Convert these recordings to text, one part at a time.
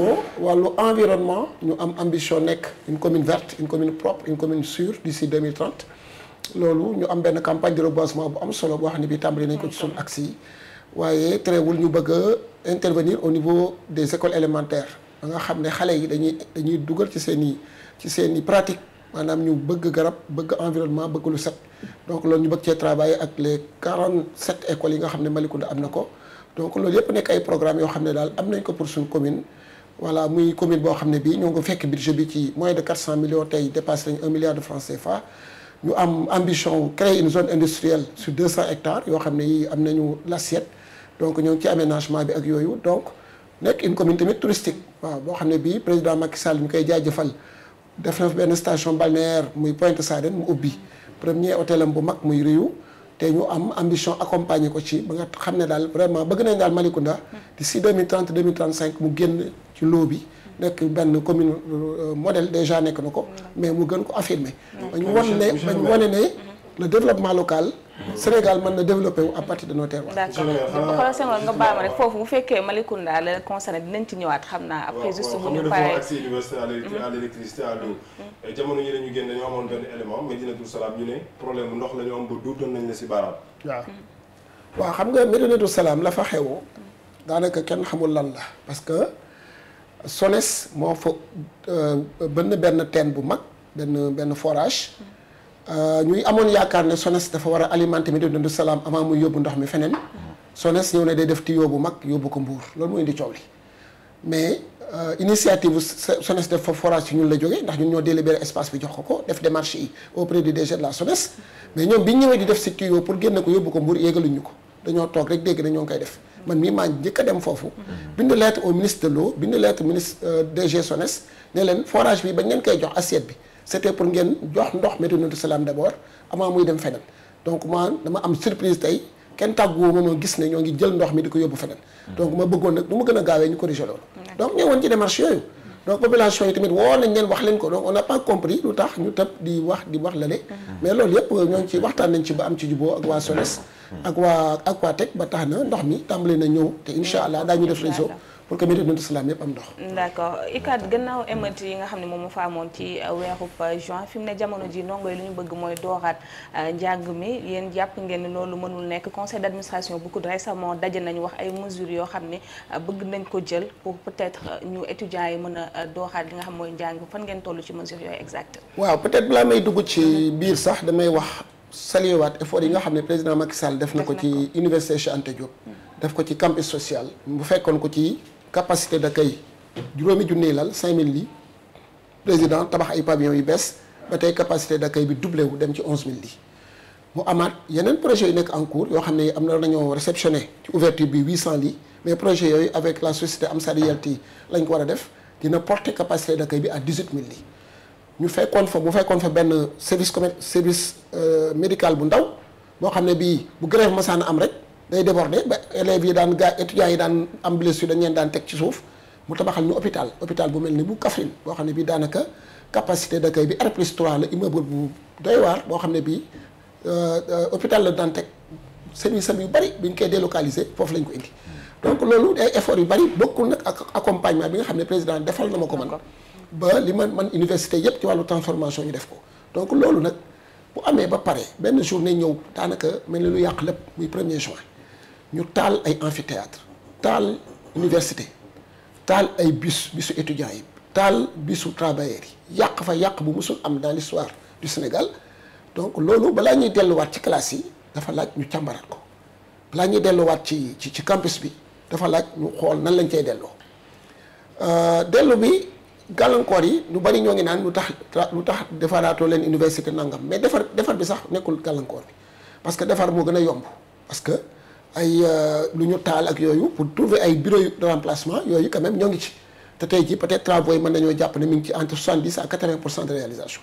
ko wàllu environnement ñu am ambition nekk une commune verte une commune propre une commune sûre d'ici 2030 loolu ñu am benn campagne de reboisement bu am solo boo xam ne bi tàmbali nañ ko ci suñu axe yi waaye terewul ñu bëgg intervenir au niveau des écoles élémentaires ba nga xam ne xale yi dañuy dañuy dugal ci seen i ci seen i pratique maanaam ñu bëgg garab bëgg environnement bëgg lu set donc loolu ñu bëgg cee travailler ak les 47 écoles yi nga xam ne Malicounda am na ko donc loolu yëpp nekk ay programmes yoo xam ne daal am nañ ko pour suñu commune voilà muy commune boo xam ne bii ñoo ngi fekk budget bi ci moins de 400 millions tey dépassé nañ 1 milliard de francs CFA ñu am ambition créer une zone industrielle sur 200 hectares yoo xam ne yi am nañu l'assiette donc ñoo ngi ci aménagement bi ak yooyu donc nekk une commune tamit touristique waaw boo xam ne bii président Macky Sall ñu koy jaajëfal def na benn station balnéaire muy Pointe Sarène mu ubbi premier hôtel am bu mag muy Riu te ñu am ambition accompagner ko ci ba nga xam ne daal vraiment bëgg nañ daal Malicounda d'ici 2030 2035 mu génn ci loo bi nekk benn commune euh, modèle déjà nekk na ko mais mu gën ko affirmer bañ wan ne bañ wane ne le développement local. Sénégal mën na développé wu à partir de nos terroirs. d'accord xoolal seen nga baal ma rek foofu bu fekkee Malicounda la concerné dinañ ci ñëwaat xam naa. après juste bu ñu paree mm-hmm. jamono yi la ñu génn dañoo amoon benn élément Médinatoul Salam ñu ne problème bu ndox la ñu am ba duutoon nañ la si baaraam. waaw waaw xam nga Médinatoul Salam la fa xewoo mm-hmm. daanaka kenn xamul lan la parce que SONES moo fa euh, bënn benn teen bu mag benn benn forage. Mm-hmm. Euh, ñuy amoon yaakaar ne SONES dafa war a alimenter Médina Ndoundou Salam avant muy yóbbu ndox mi feneen SONES ñëw ne day def tuyau bu mag yóbbu ko Mbour loolu mooy indi coow li mais euh, initiative bu SONES def fa forage ci ñun la jógee ndax ñun ñoo délibéré espace bi jox ko ko def démarche yi auprès du DG de la SONES mais ñoom bi ñëwee di def si tuyau pour génne ko yóbbu ko Mbour yéegaluñu ko dañoo toog rek dégg na koy def man mii maa njëkk a dem foofu bind lettre au ministre de bind lettre ministre euh, DG SONES ne leen forage bi bañ leen koy jox assiette bi c'était pour ngeen jox ndox Médinatoul Salam d'abord avant muy dem feneen donc ma dama am surprise tey kenn tàgguwoo ma ma gis ne ñoo ngi jël ndox mi di ko yóbbu feneen. Hmm. donc ma bëggoon nag nu ma gën a gaawee ñu corriger loolu. donc ñëwoon ci démarche yooyu. donc population yi tamit woo nañ leen wax leen ko donc on n'a pas compris lu tax ñu tëb di wax di wax lale hmm. mais loolu yëpp ñoo ngi ci waxtaan nañ ci ba am ci juboo ak waa SONES. Hmm. ak waa Aquatech ba tax na ndox mi tàmbali na ñëw te incha allah ñu def réseau. pour que Médinatoul Salam yëpp am ndox. d'accord ikaat gannaaw émeute yi nga xam ne moom moo fa amoon ci euh, weerub euh, juin fi mu ne jamono ji ndongo yi lu ñu bëgg mooy dooraat euh, njàng mi yéen jàpp ngeen ni loolu mënul nekk conseil d'administration bu COUD récemment daje nañu wax ay mesures yoo xam ne bëgg nañ ko jël pour peut-être ñu étudiants yi mën a dooraat yi nga xam mooy njàng fan ngeen toll ci mesures yooyu exact waaw peut-être balaa may dugg ci mhm. biir sax damay wax saluwaat effort yi nga xam ne président Macky Sall def na ko ci université Cheikh Anta mhm. ko ci campus social ci capacité d'accueil juróomi junniy lal 5000 lits président tabax ay pavillons yu bees ba tey capacité d'accueil bi doublé wu dem ci 11000 lits mu amaat yeneen projet yu nekk en cours yoo xam ne am na nañoo réceptionné ci ouverture bi 800 lits mais projet yooyu avec la société Amsaadi Yelti lañ ko war a def dina porté capacité d'accueil bi à 18000 lits ñu fekkoon fa bu fekkoon fa benn service commerce service euh, médical bu ndaw boo xam ne bii bu grève masaan am rek. day déborder ba élèves yi daan gaa étudiants yi daan am blessure dañ leen daan teg ci suuf mu tabaxal ñu hôpital hôpital bu mel ni bu Kaffrine boo xam ne bii daanaka capacité d'accueil bi R plus 3 la immeuble bu doy xam ne bii euh, euh, hôpital la daan teg service am yu bari bi ñu koy délocaliser foofu lañ ko indi. donc loolu ay effort yu bari bokkul nag ak accompagnement bi nga xam ne président defal na ma ko man. ba li man man université yëpp ci wàllu transformation ñu def ko donc loolu nag bu amee ba pare benn journée ñëw daanaka mel ni lu yàq lépp muy premier juin. ñu taal ay amphithéâtre taal université taal ay bis bisu étudiants yi taal bisu travailleurs yi yàq fa yàq bu mësul am dans l'histoire du Sénégal donc loolu balaa ñuy delluwaat ci classe yi dafa laaj ñu càmbaraat ko balaa delluwaat ci ci ci campus bi dafa laaj ñu xool nan lañ cay delloo euh, dellu bi gàllankoor yi ñu bari ñoo ngi naan lu tax lu tax defaraatoo leen université nangam mais defar defar bi sax nekkul gàllankoor bi parce que defar moo gën a yomb ay euh, lu ñu taal ak yooyu pour trouver ay bureau de remplacement yooyu quand ñoo ngi ci te tey jii peut-être travaux yi mën nañoo jàpp ne mi ngi ci entre 70 à 80 pour cent de réalisation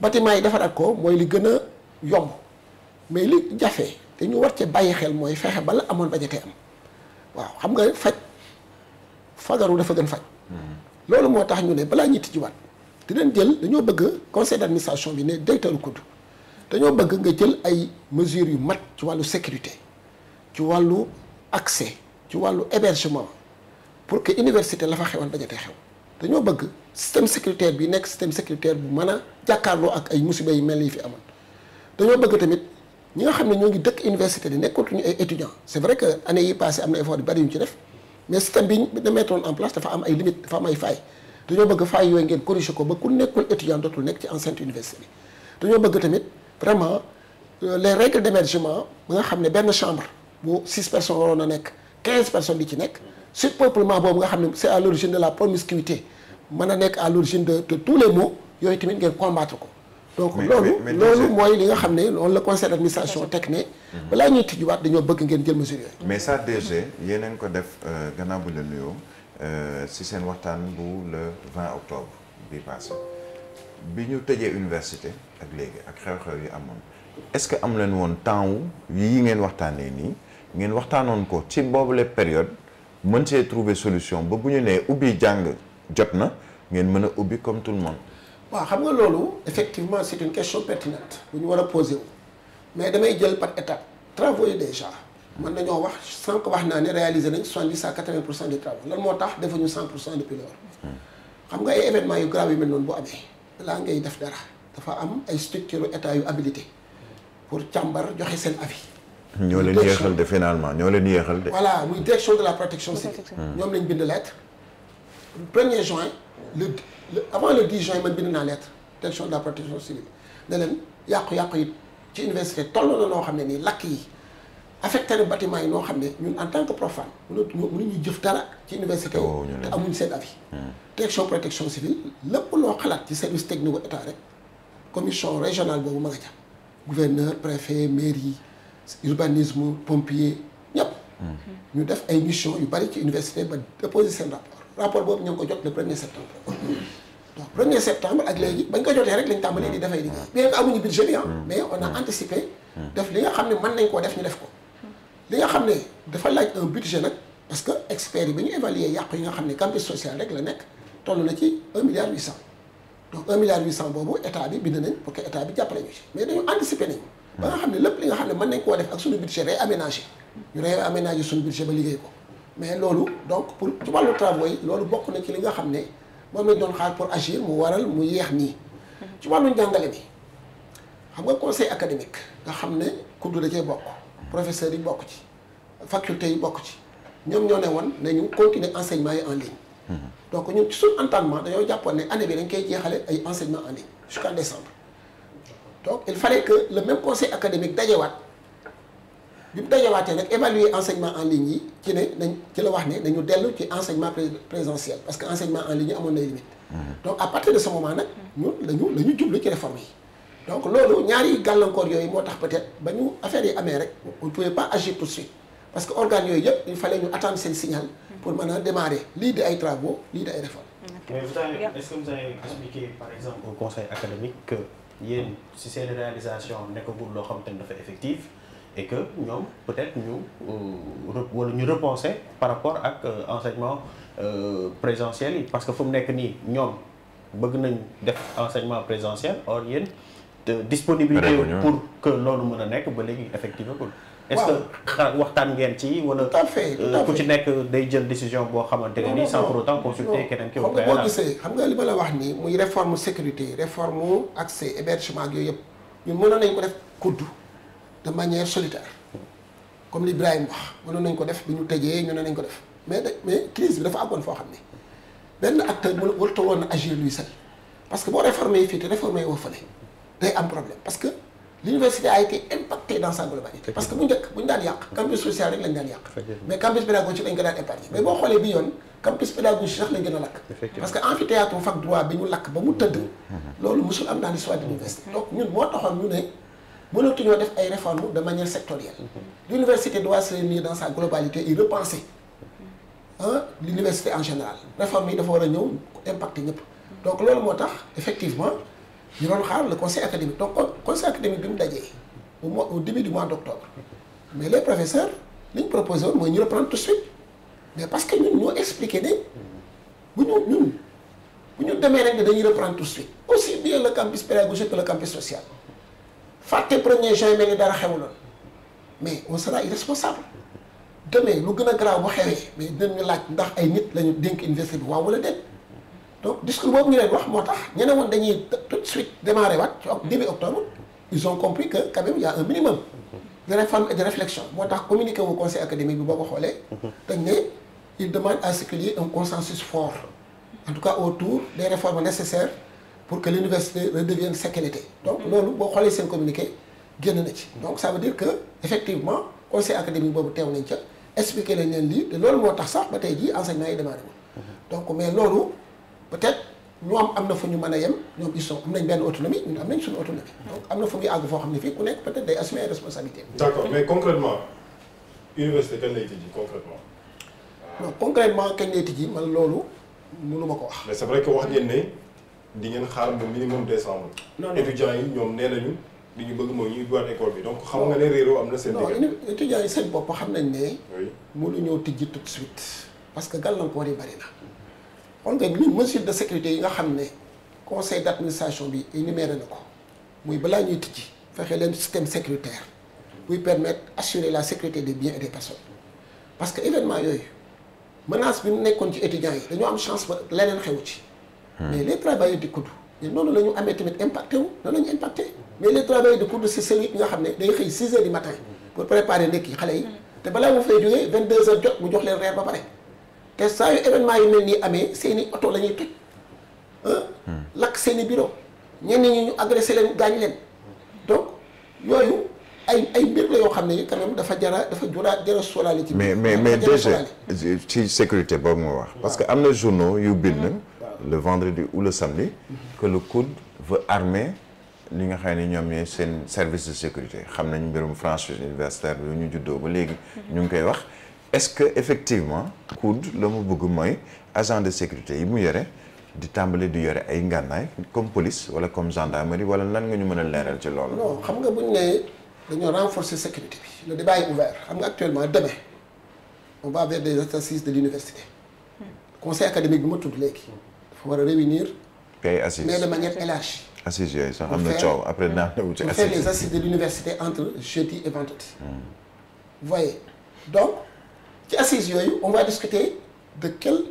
bâtiment yi defaraat ko mooy li gën a yomb mais li jafe te ñu war cee bàyyi xel mooy fexe ba la amoon bajatee am waaw xam nga faj fagaru dafa gën faj hmm. loolu moo tax ñu ne balaa ñuy tijjiwaat dinañ jël dañoo bëgg conseil d'administration bi ne directeur COUD dañoo bëgg nga jël ay mesures yu mat ci wàllu sécurité ci wàllu accès ci wàllu hébergement pour que université la fa xewoon dajatee xew dañoo bëgg système sécuritaire bi nekk système sécuritaire bu mën a jàkkaarloo ak ay musiba yu mel yi fi amoon dañoo bëgg tamit ñi nga xam ne ñoo ngi dëkk université di nekkatuñu ay étudiants c'est vrai que année yi passé am na effort yu bari yu ñu ci def mais système bi ñu mettre en place dafa am ay limites dafa am ay failles dañoo bëgg failles yooyu ngeen corriger ko ba ku nekkul étudiant dootul nekk ci enceinte université bi bëgg tamit vraiment euh, les règles d'émergement ba nga xam ne benn chambre bu six personnes waroon a nekk quinze personnes di ci nekk surpeuplement boobu nga xam ne c'est à l'origine de la promiscuité mën a nekk à l'origine de de tous les maux yooyu tamit ngeen combattre ko donc loolu loolu mooy li nga xam ne loolu la conseil d'administration teg ne mhm. balaa ñuy tijjuwaat dañoo bëgg ngeen jël mesure yooyu mais ça DG yeneen ko def euh, gannaaw bu la nuyoo euh, si seen waxtaan bu le 20 octobre bi passé bi ñu tëjee université ak léegi ak xew-xew yi amoon est-ce que am leen woon temps wu yi ngeen waxtaanee nii ngeen waxtaanoon ko ci lee période mën see trouver solution ba bu ñu nee ubbi jàng jot na ngeen mën a ubbi comme tout le waa xam nga loolu effectivement c'est une question pertinente bu ñu war a poser mais damay jël par étape travaux yi déjà mën nañoo wax sànq wax naa ne réaliser nañ soixante-dix à quatre-vingts pour cent des travaux lan moo tax defuñu cent pour cent depuis lors xam nga ay événements yu grave yu mel noonu bu amee balaa ngay def dara dafa am ay structures état yu habilité pour càmbar joxe seen avis. ñoo leen yéexal de finalement ñoo leen yéexal de. voilà muy direction de la protection civile. Hmm. ñoom lañ bind lettre. premier juin le avant le 10 juin man bind naa lettre direction de la protection civile ne leen yàqu-yàqu yi ci université toll na noo xam ne nii lakk yi affecté batiment bâtiment yi noo xam ne ñun en tant que profane mënuñu mënuñu jëf dara ci université yi te amuñ seen avis. Hmm. direction protection civile lépp loo xalaat ci service technique état rek commission régionale boobu ma nga jàpp gouverneur préfet mairie. urbanisme pompier ñëpp. ñu def ay mission yu bari ci université ba déposer seen rapport rapport boobu ñu ko jot le premier septembre. donc premier septembre ak léegi bañ ko jotee rek lañ tàmbalee di dafay di bien que amuñu budget bi ah, a xam ne mën nañ koo def ñu def ko. li nga xam ne dafa laaj un budget nag parce que experts yi ba ñu évaluer yàqu yi nga xam ne campus social rek la nekk toll na ci un milliard huit cent donc un milliard huit cent boobu état bi bind nañ pour que état bi mais dañu anticiper ba nga xam ne lépp li nga xam ne mën nañ koo def ak suñu budget day aménagé ñu day aménagé suñu budget ba liggéey ko mais loolu donc pour ci wàllu yi loolu bokk na ci li nga xam ne moom lañ doon xaar pour agir mu waral mu yeex nii ci wàllu jàngale bi xam nga conseil académique nga xam ne kudd da cee bokk professeurs yi bokk ci faculté yi bokk ci ñoom ñoo ne woon nañu continuer enseignement yi en ligne mhm. donc ñun ci suñu entendement dañoo jàppoon ne anne bi dañ koy jeexale ay enseignement en ligne jusqu'en donc il fallait que le même conseil académique dajewaat bi mu dajewaatee nag évaluer enseignement en ligne yi ci ne nañ ci la wax ne nañu dellu ci enseignement présentiel parce que enseignement en ligne yi amoon nay limite mhm. donc à partir de ce moment nag ñun lañu la ñu jublu ci réforme yi donc loolu ñaari gàllankoor yooyu moo tax peut-être ba ñu affaire yi amee rek on ne pouvait pas agir tout suite parce que organes yooyu yëpp il fallait ñu attendre seen signal pour mën lii ay travaux lii di ay réformes. mais par exemple au yéen si seen réalisation nekkagul loo xam te dafa effective et que ñoom peut-être ñu euh, wala ñu repenser par rapport ak euh, enseignement euh, présentiel yi parce que fu mu nekk nii ñoom bëgg nañ def enseignement présentiel or yéen disponibilité pour que loolu mën a nekk ba léegi effectivement ko est waxtaan ngeen ci wala. tout à fait euh, ku ci nekk day jël décision boo xamante ne nii sans pour autant consulter keneen ki. xam nga boo gisee xam nga li ma la wax nii muy réforme sécurité réforme accès hébergement yooyu yëpp ñun mënoon nañ ko def kuddu de manière solitaire comme li Ibrahima wax mënoon nañ ko def bi ñu tëjee ñu ne nañ ko def mais mais crise bi dafa àggoon foo xam ne benn acteur mënul warut a woon agir lui seul parce que boo réformé fii te réformé woo day am problème parce que l'université a été impactée dans sa globalité parce que bu njëkk bu daan yàq campus social rek lañ daan yàq mais campus pédagogique lañ ko daan épargner mais boo xoolee bi yoon campus pédagogique sax lañ gën a lakk parce que amphithéâtre fac droit bi ñu lakk ba mu tëdd mmh. loolu mosul am dans l'histoire de l'université donc ñun moo mmh. dans sa globalité et repenser ah en général réforme yi dafa war a ñëw impacter ñëpp donc loolu moo tax ñu doon xaar le conseil académique donc conseil académique bi mu dajee au mois au début du mois d' octobre mais les professeurs li ñu proposé mooy ñu reprendre tout suite mais parce que ñun ñoo expliqué ne bu ñu ñun bu ñu demee rek ne dañuy reprendre tout de suite aussi bien le campus pédagogique que le campus social fàtte premier juin mel ni dara xewuloon mais on sera irresponsable demee lu gën a garaaw bu xewee mais dinañu laaj ndax ay nit lañu dénk université bi waaw wala déet donc discours boobu ñu leen wax moo tax ñu ne woon dañuy tout de suite démarrer waat ci début octobre ils ont compris que quand même un minimum de réflexion moo tax communiqué wu conseil académique bi boo ko xoolee dañ ne il demande à ce qu'il y ait un consensus fort en tout cas autour des réformes nécessaires pour que l'université redevienne sa qualité donc loolu boo xoolee seen communiqué génn na ci donc ça veut dire que effectivement conseil académique boobu teew nañ ca expliqué leen lii te moo tax sax ba tey jii enseignement yi démarré donc mais peut-être ñoom am na fu ñu mën a yem ñoom ils sont am nañ benn autonomie ñun am nañ suñu autonomie. donc am na fu muy àgg foo xam ne fii ku nekk peut day assumer responsabilité d'accord mais concrètement université kañ lay tijji concrètement non concrètement kañ lay tijji man loolu mënu ma ko wax. que wax ngeen ne di ngeen xaar ba minimum décembre. non non étudiants ñoom nee nañu lu ñu bëgg mooy ñu ubbiwaat école bi donc xam nga ne réeroo am na seen. diggante non étudiants yi seen bopp xam nañ ne. oui mënuñoo tijji tout de suite parce que gàllankoor yi bari na. on dirait ñun mesure de sécurité yi nga xam ne conseil d' bi énuméré na ko muy balaa ñuy tijji fexe leen système sécuritaire buy permettre assurer la sécurité des biens et des personnes parce que événement yooyu menace bi mu nekkoon ci étudiants yi dañoo am chance ba leneen xew ci. Hmm. mais les travailleurs du COUD noonu lañu ñu amee tamit impacté wu noonu la impacte impacté mais les travailleurs du COUD c'est celui bi nga xam ne day xëy 6 heures du matin pour préparer hmm. te balaa mu fay jógee 22 heures mu jox leen reer ba pare. te saa yu événement yu mel nii amee seen i oto la toj hmm. lakk seen i bureau ñu agressé leen gaañ leen donc yooyu ay ay mbir la yoo xam ne quand même dafa jara dafa jura jara solaale ci mais mais mais déjà ci sécurité boobu moo wax parce que am na journaux yu bind hmm. le vendredi ou le samedi que le COUD veut armer li nga xam ne ñoom ñooy seen service de sécurité xam nañu mbirum franchise universitaire bi ñu juddoo ba léegi hmm. ñu ngi koy wax est-ce que effectivement COUD la mu bëgg mooy agent de sécurité yi mu yore di tàmbali di yore ay ngànnaay comme police wala comme gendarmerie wala lan nga ñu mën a leeral ci loolu. non xam nga bu nee dañoo renforcer sécurité bi le débat est ouvert xam nga actuellement demain on va vers des assises de l'université hmm. conseil académique bi ma tudd léegi dafa war a réunir. ay assises yooyu sax am na coow après naa newu ci assises. pour faire les assises de l'université entre jeudi et vendredi. Hmm. ci assises yooyu on va discuter de quelle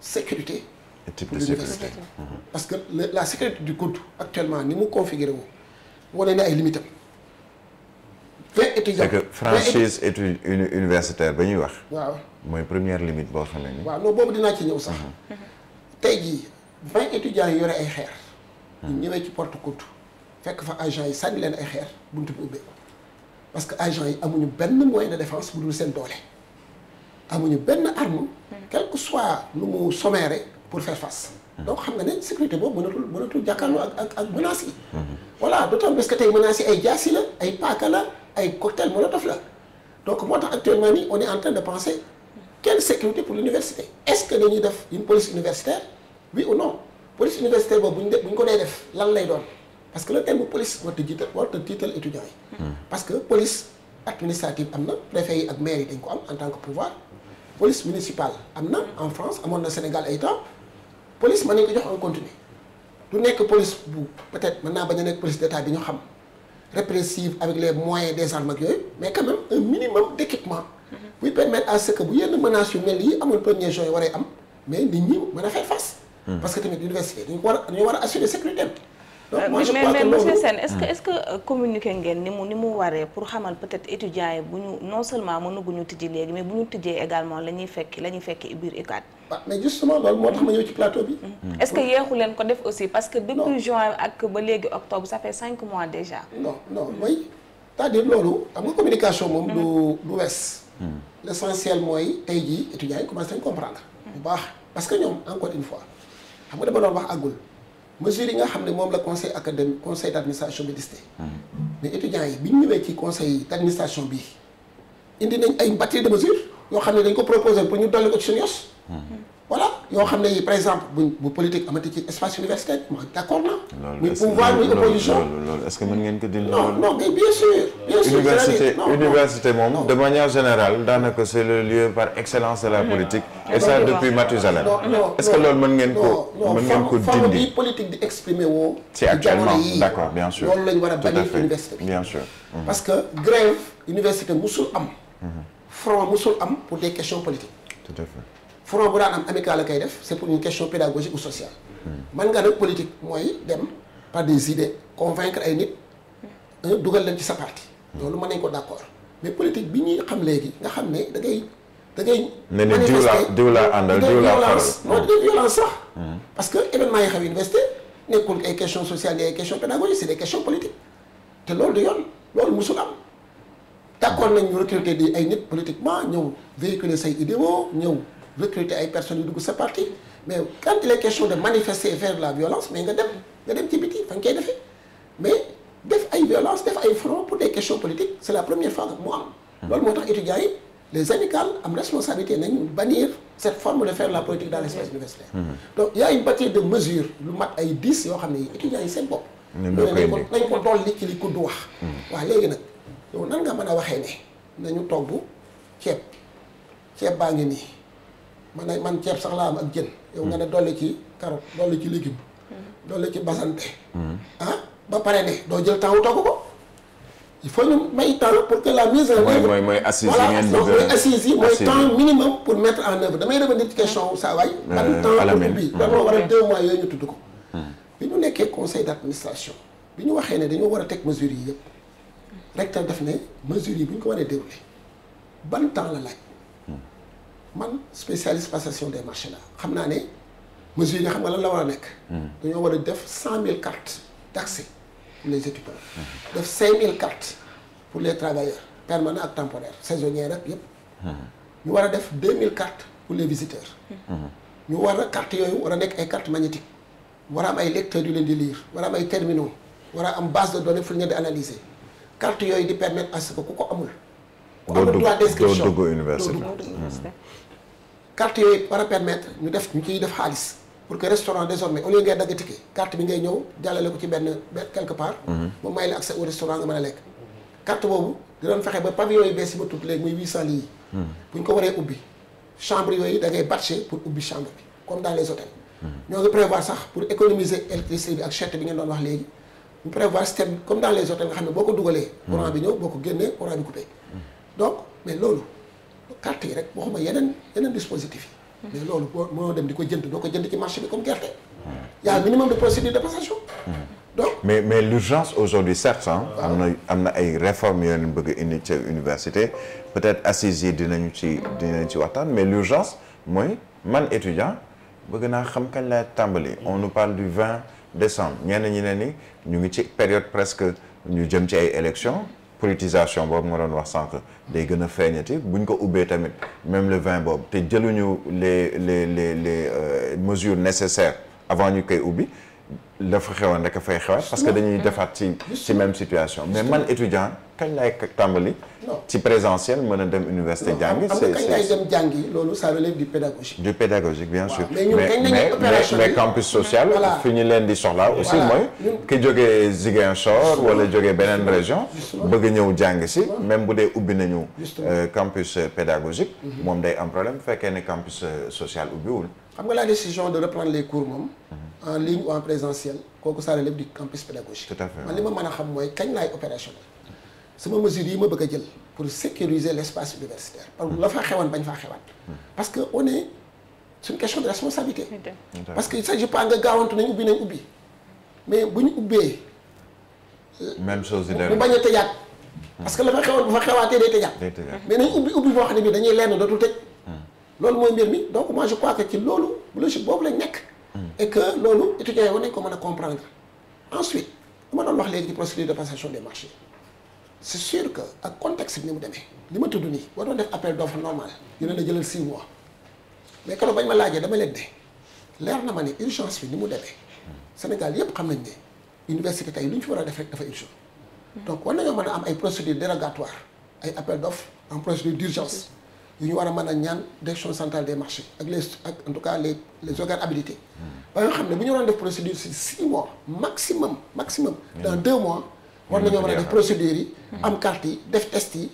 sécurité. type pour de sécurité mmh. parce que le, la sécurité du code actuellement ni mu configuré wu wane na ay limites am. vingt étudiants que franchise étude universitaire ba ñuy wax. waaw mooy première limite boo xam ne nii. waaw non boobu dinaa ci ñëw sax. Mhm. tey jii vingt étudiants yi yore ay xeer. Mhm. ñu ñëwee ci porte code fekk fa agent yi sànni leen ay xeer buntu bi ubbee parce que agent yi amuñu benn moyen de défense bu dul seen doole. amuñu benn arme hmm. quel que soit nu mu sommaire pour faire face hmm. donc xam nga ne sécurité boobu mënatul mënatul jàkkaarloo ak ak ak menaces yi hmm. voilà d'autant plus que tey yi ay jaasi la ay paaka la ay cocktail molotov la donc moo tax actuellement nii on est en train de penser quelle sécurité pour l'université est-ce que dañuy def une police universitaire oui ou non police universitaire boobu bu ñu def bu ko dee def lan lay doon parce que le terme police war a jiital war police administrative am police municipale am na en France amoon na Sénégal ay temps police mën nañu ko jox en continu du nekk police bu peut-être mën naa bañ a nekk police d'état bi ñu xam répressive avec les moyens des armes ak yooyu mais quand un minimum d'équipement buy permettre à ce bu yenn menaces yi amoon premier juin waree am mais nit ñi mën a faire face hmm. parce que tamit université dañu war a war a assurer sécurité Euh, mais mais monsieur Sène est est-ce que hmm. euh, communiqué ngeen ni mu ni mu waree pour xamal peut-être étudiants yi bu ñu non seulement mënaguñu tijji léegi mais bu ñu tijjee également la ñuy fekki la biir UCAD. Ah, mais justement loolu moo tax ma ñëw ci plateau bi. Hmm. Hmm. est yeexu leen ko def aussi parce que. depuis juin ak ba léegi octobre ça fait cinq mois déjà. non non mooy c'est-à-dire loolu xam nga communication moom du wees. l'essentiel mooy tey jii étudiants yi commencé nañ comprendre. bu baax parce que ñoom encore une fois xam nga dama doon wax àggul. mesures yi nga xam ne moom la conseil académique conseil d' administration bi diste hmm. mais étudiants yi bi ñu ñëwee ci conseil d' administration bi indi nañ ay batterie de mesures yoo xam ne dañ ko proposé pour ñu dolli ko ci suñu yos hmm. voilà yoo xam ne yi par exemple bu bu politique amati ci espace universitaire ma d'accord na. muy pouvoir muy opposition loolu est-ce que mën ngeen ko dindi. non non bien sûr. bien sûr université université moom de manière générale daanaka c'est le lieu par excellence de la mm-hmm. politique. et ça depuis Mathusalem. est-ce que loolu mën ngeen ko. mën ngeen ko dindi non non politique di exprimer woo. ci actuellement d'accord bien sûr loolu lañ a bannir université mm-hmm. parce que grève université musul am. Mm-hmm. fo musul am pour des front bu daan am amical la koy def c'est pour une question pédagogique ou sociale man nga nag politique mooy dem par des idées convaincre ay nit dugal leen ci sa parti loolu mën nañ ko d'accord mais politique bi ñuy xam léegi nga xam ne da ngay da ngay ne ni diw laa diw laa àndal diw laa violence non da violence sax hmm. parce que événement yi xew université nekkul ay questions sociales ni ay questions pédagogiques c'est des questions politiques te loolu du yoon loolu musul am d'accord nañ ñu recruter di ay nit politiquement ñëw véhiculer say idéaux ñëw recruter ay personnes yu dugg sa parti mais quand il est question de manifester vers la violence mais nga dem nga dem ci biti fa nga koy defee mais def ay violence def ay front pour des questions politiques c'est la première fois que mu am loolu moo tax étudiants yi les amicales am responsabilité nañu bannir cette forme de faire la politique dans l'espace universitaire mm-hmm. donc il y de mesures lu mat ay dix yoo xam ne yi étudiants yi seen bopp nañ ko nañ ko dolli li kudd wax mm-hmm. waaw léegi nag yow nan nga mën a waxee ne nañu togg ceeb ceeb baa ngi nii man ay man ceeb sax laa am ak jën. yow nga ne dolli ci carotte dolli ci légume. dolli ci basante. Hmm. ah ba pare de doo jël temps wu togg ko. il faut ñu may temps pour que la mise en œuvre. mooy mooy assise yi ngeen bëgg voilà mooy temps minimum pour mettre en œuvre damay revenir ci question saa waay. ban hmm, temps hmm. war a deux mois yooyu ñu tudd ko. bi ñu nekkee conseil d' administration bi ñu waxee ne dañoo war a teg mesures yi yëpp recteur daf ne mesures yi bu ñu ko waree déroulé ban temps la laaj. man spécialiste passation des marchés la xam naa ne mesure yi xam nga lan la war a nekk. Hmm. dañoo war a def cent mille cartes d' les étudiants. def cinq mille cartes pour les travailleurs permanents ak temporaires saisonniers rek yëpp. Hmm. ñu war a def deux mille cartes pour les visiteurs. Hmm. ñu war a cartes yooyu war a nekk ay cartes magnétiques war a am ay lecteurs yu leen di lire war a am ay terminaux war a am base de données fu ñu di analyser cartes yooyu di permettre à ku ko amul. doo dugg doo dugg université doo carte yooyu war a permettre ñu def ñu ciy def xaalis pour que restaurant désormais au lieu ngay dagg ticket carte bi ngay ñëw jàllale ko ci benn quelque part mu mhm. may la accès au restaurant nga mën a lekk carte boobu di doon fexe ba pavillon yi bees yi ma tudd léegi muy 800 yi mhm. bu ñu ko waree ubbi chambre yooyu da ngay pour ubbi chambre bi comme dans les hôtels mhm. ñoo ngi prévoir sax pour économiser électricité bi ak cherté bi ngeen doon wax léegi ñu ne boo ko dugalee courant bi boo ko génnee courant bi coupé loolu carte yi rek waxuma yeneen yeneen dispositif yi. mais loolu moo dem di ko jënd doo ko jënd ci marché bi comme gerte. y a minimum de procédure de passation. mais l'urgence am na am na ay réformes yoo bëgg indi ca université peut-être assises yi dinañu ci dinañu ci waxtaan mais l'urgence mooy man étudiant bëgg naa xam kañ lay tàmbali. on nu parle du 20 décembre ñenn ñi ne nii ñu ngi ci période presque ñu jëm ci ay élections. politisation boobu nga doon wax sànq day gën a feeñati ñu ko ubbee tamit même le vin boobu te jëluñu les les les les euh, mesures nécessaires avant ñu koy ubbi dafa xewoon rek a fay a parce que dañuy defaat ci si même situation mais man étudiant kañ lay tàmbali. ci présentiel mën a dem université jàngi. c' est c' est kañ lay dem jàngi loolu ça relève du pédagogique. du pédagogique bien sûr. mais mais mais campus social. fi ñu leen di soxlaa aussi mooy. ki jógee Ziguinchor wala jógee beneen région. bëgg ñëw jàng si même bu dee ubbi nañu. Euh, campus euh, pédagogique. Mhm. moom day am problème bu fekkee ne campus euh, social ubbiwul. xam nga la décision de reprendre les cours moom. Mhm. en ligne ou en présentiel kooku sa relève du campus pédagogique. tout à fait man li ma mën a xam mooy kañ laay opérationnel. sama mesure yi ma bëgg a jël pour sécuriser l' espace universitaire parce que la faa xewoon bañ faa xewaat parce que on est c'est une question de responsabilité parce que il s'agit pas nga gaawantu nañ ubbi nañ ubbi mais bu ñu ubbee euh, même chose di mu bañ a tëjaat parce que la fa xewoon bu fa xewaatee day tëjaat mais nañ ubbi ubbi boo xam ne bi dañuy lenn dootul tëj hmm. loolu mooy mbir mi donc moi je crois que ci loolu logique boobu lañ nekk hmm. et loolu étudiants yi nañ ko mën a comprendre ensuite dama doon wax des marchés c' est sûr que ak contexte ni mu demee li ma tudd nii waroon def appel d'offre normal ñu ne la jëlal 6 mois mais keroog bañ ma laajee dama leen ne leer na ma ne urgence ni mu demee Sénégal yépp xam nañ ne université tey lu ñu fi war a def rek dafa urgent donc mën a am ay procédures dérogatoires ay appel d'offre en procédure d'urgence yu ñu war a mën a ñaan direction centrale des marchés ak les ak en tout cas les les organes habilités hmm. ba nga xam ne bu ñu waroon def procédure si 6 mois maximum maximum dans 2 hmm. mois war nañoo war a def procédures yi am carte yi def test yi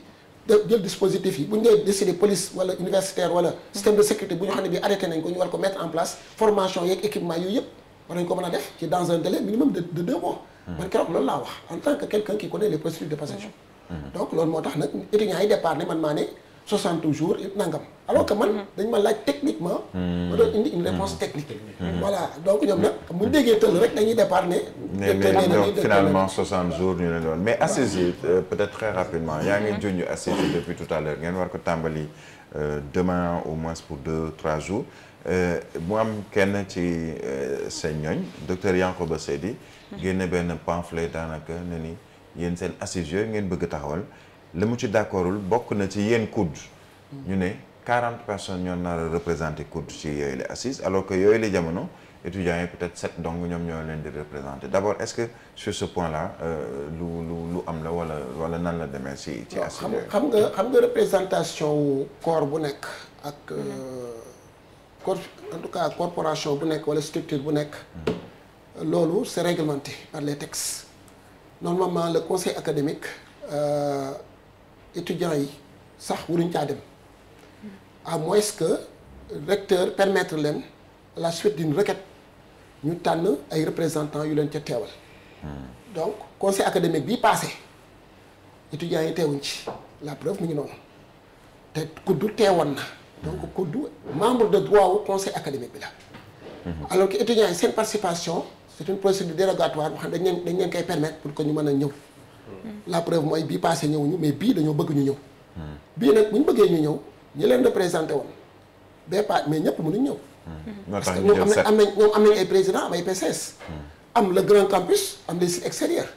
jël dispositif yi bu ñu dee décidé police wala universitaire wala système de sécurité bu ñu xam ne bi arrêté nañ ko ñu war ko mettre en place formation yooyu yëpp war nañ ko mën a def ci dans un délai minimum de de deux mois hmm. man keroog loolu laa wax en tant que quelqu'un qui connaît les procédures de passation hmm. donc loolu moo tax nag étudiants yi départ ne man maa ne 60 jours nangam alors que man mm-hmm. dañ ma laaj techniquement mm. ma doon indi une réponse mm. technique mm. voilà donc déggee tëll rek dañuy départ ne mais donc finalement 60 jours ñu ne loolu mais assises euh, peut-être très rapidement yaa ngi mm-hmm. junj assises depuis tout à l'heure ngeen war ko tàmbali euh, demain au moins pour deux trois jours euh, mu am kenn ci seen ñooñ docteur ba Seydi mm-hmm. génne benn pamphlet daanaka ne ni yéen seen assises yooyu ngeen bëgg taxawal li mu ci d'accordul bokk na ci yéen COUD ñu ne quarante personnes ñoo nar a représenté COUD ci yooyu la assise alors que yooyu la jamono étudiants yi peut-être sept donc ñoom ñoo leen di représenté d'abord est-ce que sur ce point euh, la lu lu am la wala wala nan la demee ci ci assise xam nga xam nga représentation wu corps bu nekk ak euh, corps en tout cas corporation bu nekk wala structure bu nekk hmm. loolu c'est réglementé par les textes normalement la conseil académique euh, étudiants yi sax waruñ caa dem à moins que recteur permettre leen à la suite d'une requête ñu tànn ay représentants yu leen ca teewal. donc conseil académique bii passé étudiants yi teewuñ ci la preuve mu ngi noonu te kuddu teewoon na donc kuddu membre de droit wu conseil académique bi la. Mhm. alors que étudiants yi seen participation c' procédure dérogatoire boo xam dañ leen dañ leen koy permettre pour que ñu mën a ñëw. la preuve mooy bii passé ñëwuñu mais bii dañoo bëgg ñu ñëw. Hmm. bii nag bu ñu bëggee ñu ñëw ñu leen représenté woon bee pa mais ñëpp mënuñ ñëw. Hmm. parce que ñoom am nañ am nañ ñoom am nañ ay président am ay PCS. Hmm. am la grand campus am les sites extérieurs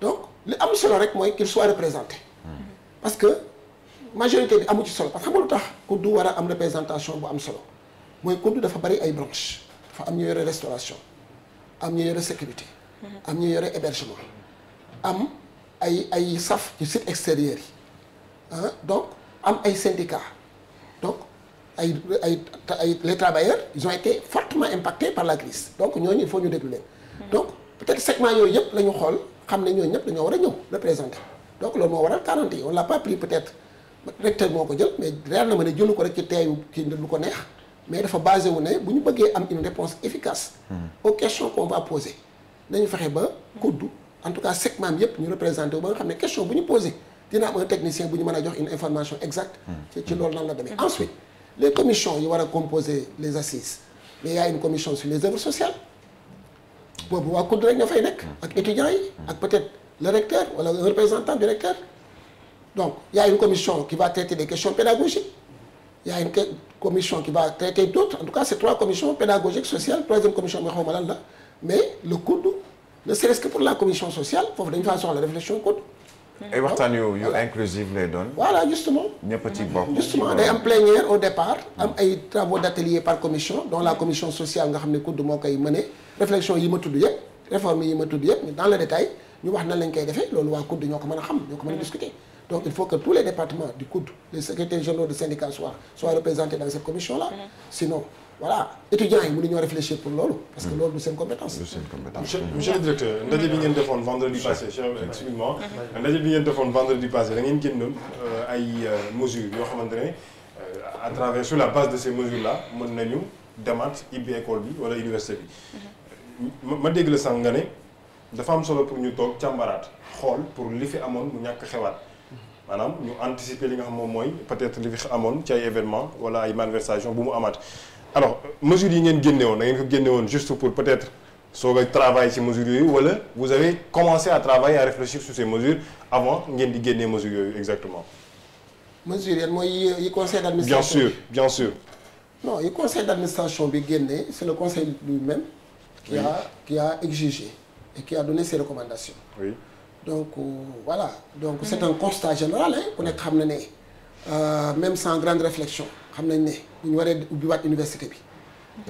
donc li am solo rek mooy qu'il soit représenté. parce que majorité bi amu ci solo parce que xam nga lu tax kuddu war a am représentation bu am solo mooy kuddu dafa bari ay branches dafa am ñu yore restauration am ñu yore sécurité. am ñu yore hébergement ay ay saf ci site extérieur yi donc am ay syndicats donc ay ay ay les travailleurs fortement impactés par la crise donc ñooñu il faut ñu déglu leen. Hmm. donc peut-être segment yooyu yëpp la ñu xool xam ne ñooñu ñëpp dañoo war a ñëw représenté donc loolu moo war a yi on l'a pas pris peut-être recteur moo ko jël mais réel na ma ne jëlu ko rek ci teeyu kii lu ko neex mais dafa basé wu ne bu ñu bëggee am une réponse efficace. Hmm. aux questions qu'on poser nañu fexe ba kuddu. en tout cas segment bi yëpp ñu représenté wu ba nga xam ne question bu ñu posé dina am technicien bu ñu mën a jox une information exacte. Hmm. ci ci loolu nan la hmm. ensuite les commissions yi war a composer les assises mais y a une commission sur les œuvres sociales boobu waa COUD rek ñoo fay nekk. Hmm. ak étudiants yi. ak peut-être le recteur wala le représentant du recteur. donc y a une commission qui va traiter des questions pédagogiques y a une commission qui va traiter d'autres en tout ne serait-ce que pour la commission sociale foofu dañu faa soxla réflexion code hmm. ay justement ñëpp ci bokk. justement day am plénière au départ. am ay travaux d'atelier par commission dont la commission sociale nga xam ne COUD moo koy mené. réflexion yi ma tudd yëpp réforme yi ma tudd yëpp dans le détail ñu wax nan lañ koy defee loolu waa COUD ñoo ko mën a xam ñoo ko mën a discuter. donc il faut que tous les départements du COUD de syndicats soient voilà étudiants yi mënuñoo réfléchir pour loolu. parce que hmm. loolu du seen compétence. du seen compétence monsieur hmm. monsieur le directeur ndaje bi ngeen defoon vendredi passé. excusez-moi ndaje bi ngeen defoon vendredi passé da ngeen euh, ay euh, mesures yoo xamante ne euh, à travers su la base de ces mesures là mën nañu demaat ibbi école bi wala université bi. Mm-hmm. ma dégg la sànq nga ne dafa am solo pour ñu toog càmbaraat xool pour li fi amoon mu ñàkk xewaat. maanaam ñu anticiper li nga xam moom mooy peut-être li amoon ci ay événements wala ay malversations bu mu amaat. alors mesures yi ngeen génne woon da ngeen ko génne woon juste pour peut-être soog a travailler ci mesures yooyu wala vous avez commencé à travailler à réfléchir sur ces mesures avant ngeen di génne mesures yooyu exactement. mesures yan mooy yi conseil d'administration. bien sûr bien sûr. non yi conseil d'administration bi génne c'est le conseil lui-même. qui oui. a qui a exigé et qui a donné ses recommandations. oui donc euh, voilà donc c'est un constat général hein ku nekk xam na ne euh, même sans grande réflexion. xam nañ ne bu ñu waree ubbiwaat université bi.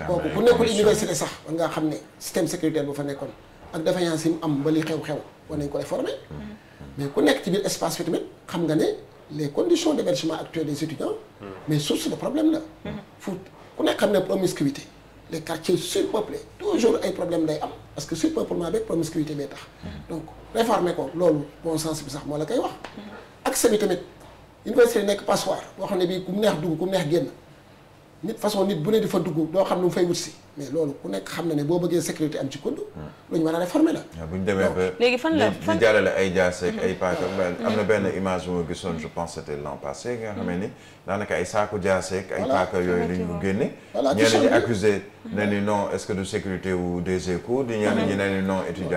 Ah, kooku bu nekkul université sax war ngaa xam ne système sécuritaire bu fa nekkoon ak défaillance yi mu am ba li xew-xew war nañ ko réformer. Mm-hmm. mais ku nekk ci biir espace xam nga ne les conditions d'hébergement actuelles des étudiants. Mm-hmm. mais source de problème la. Mm-hmm. fu ku nekk xam ne promiscuité les quartiers surpeuplés toujours ay problème day am parce que surpeuplement beeg promiscuité bee tax. donc réformer ko loolu bon sens bi sax moo la koy wax. accès bi tamit. université nekk passoire boo xam ne bii ku mu neex dugg ku neex génn nit façon nit bu ne di fa dugg doo xam ne mu fay wut si mais loolu ku nekk xam na ne boo bëggee sécurité am ci code. lu ñu mën a la. bu ñu demee ba léegi fan la fan ay jaas ak ay paaka mm-hmm. am na mm-hmm. benn image bu ma gisoon je pense c'était l'an passé nga xam ni mm-hmm. daanaka ay saako jaas ak ay paaka yooyu la ñu génne. voilà ñenn ñi accusé na non est-ce du sécurité wu des échos di ñenn ñi na ni yi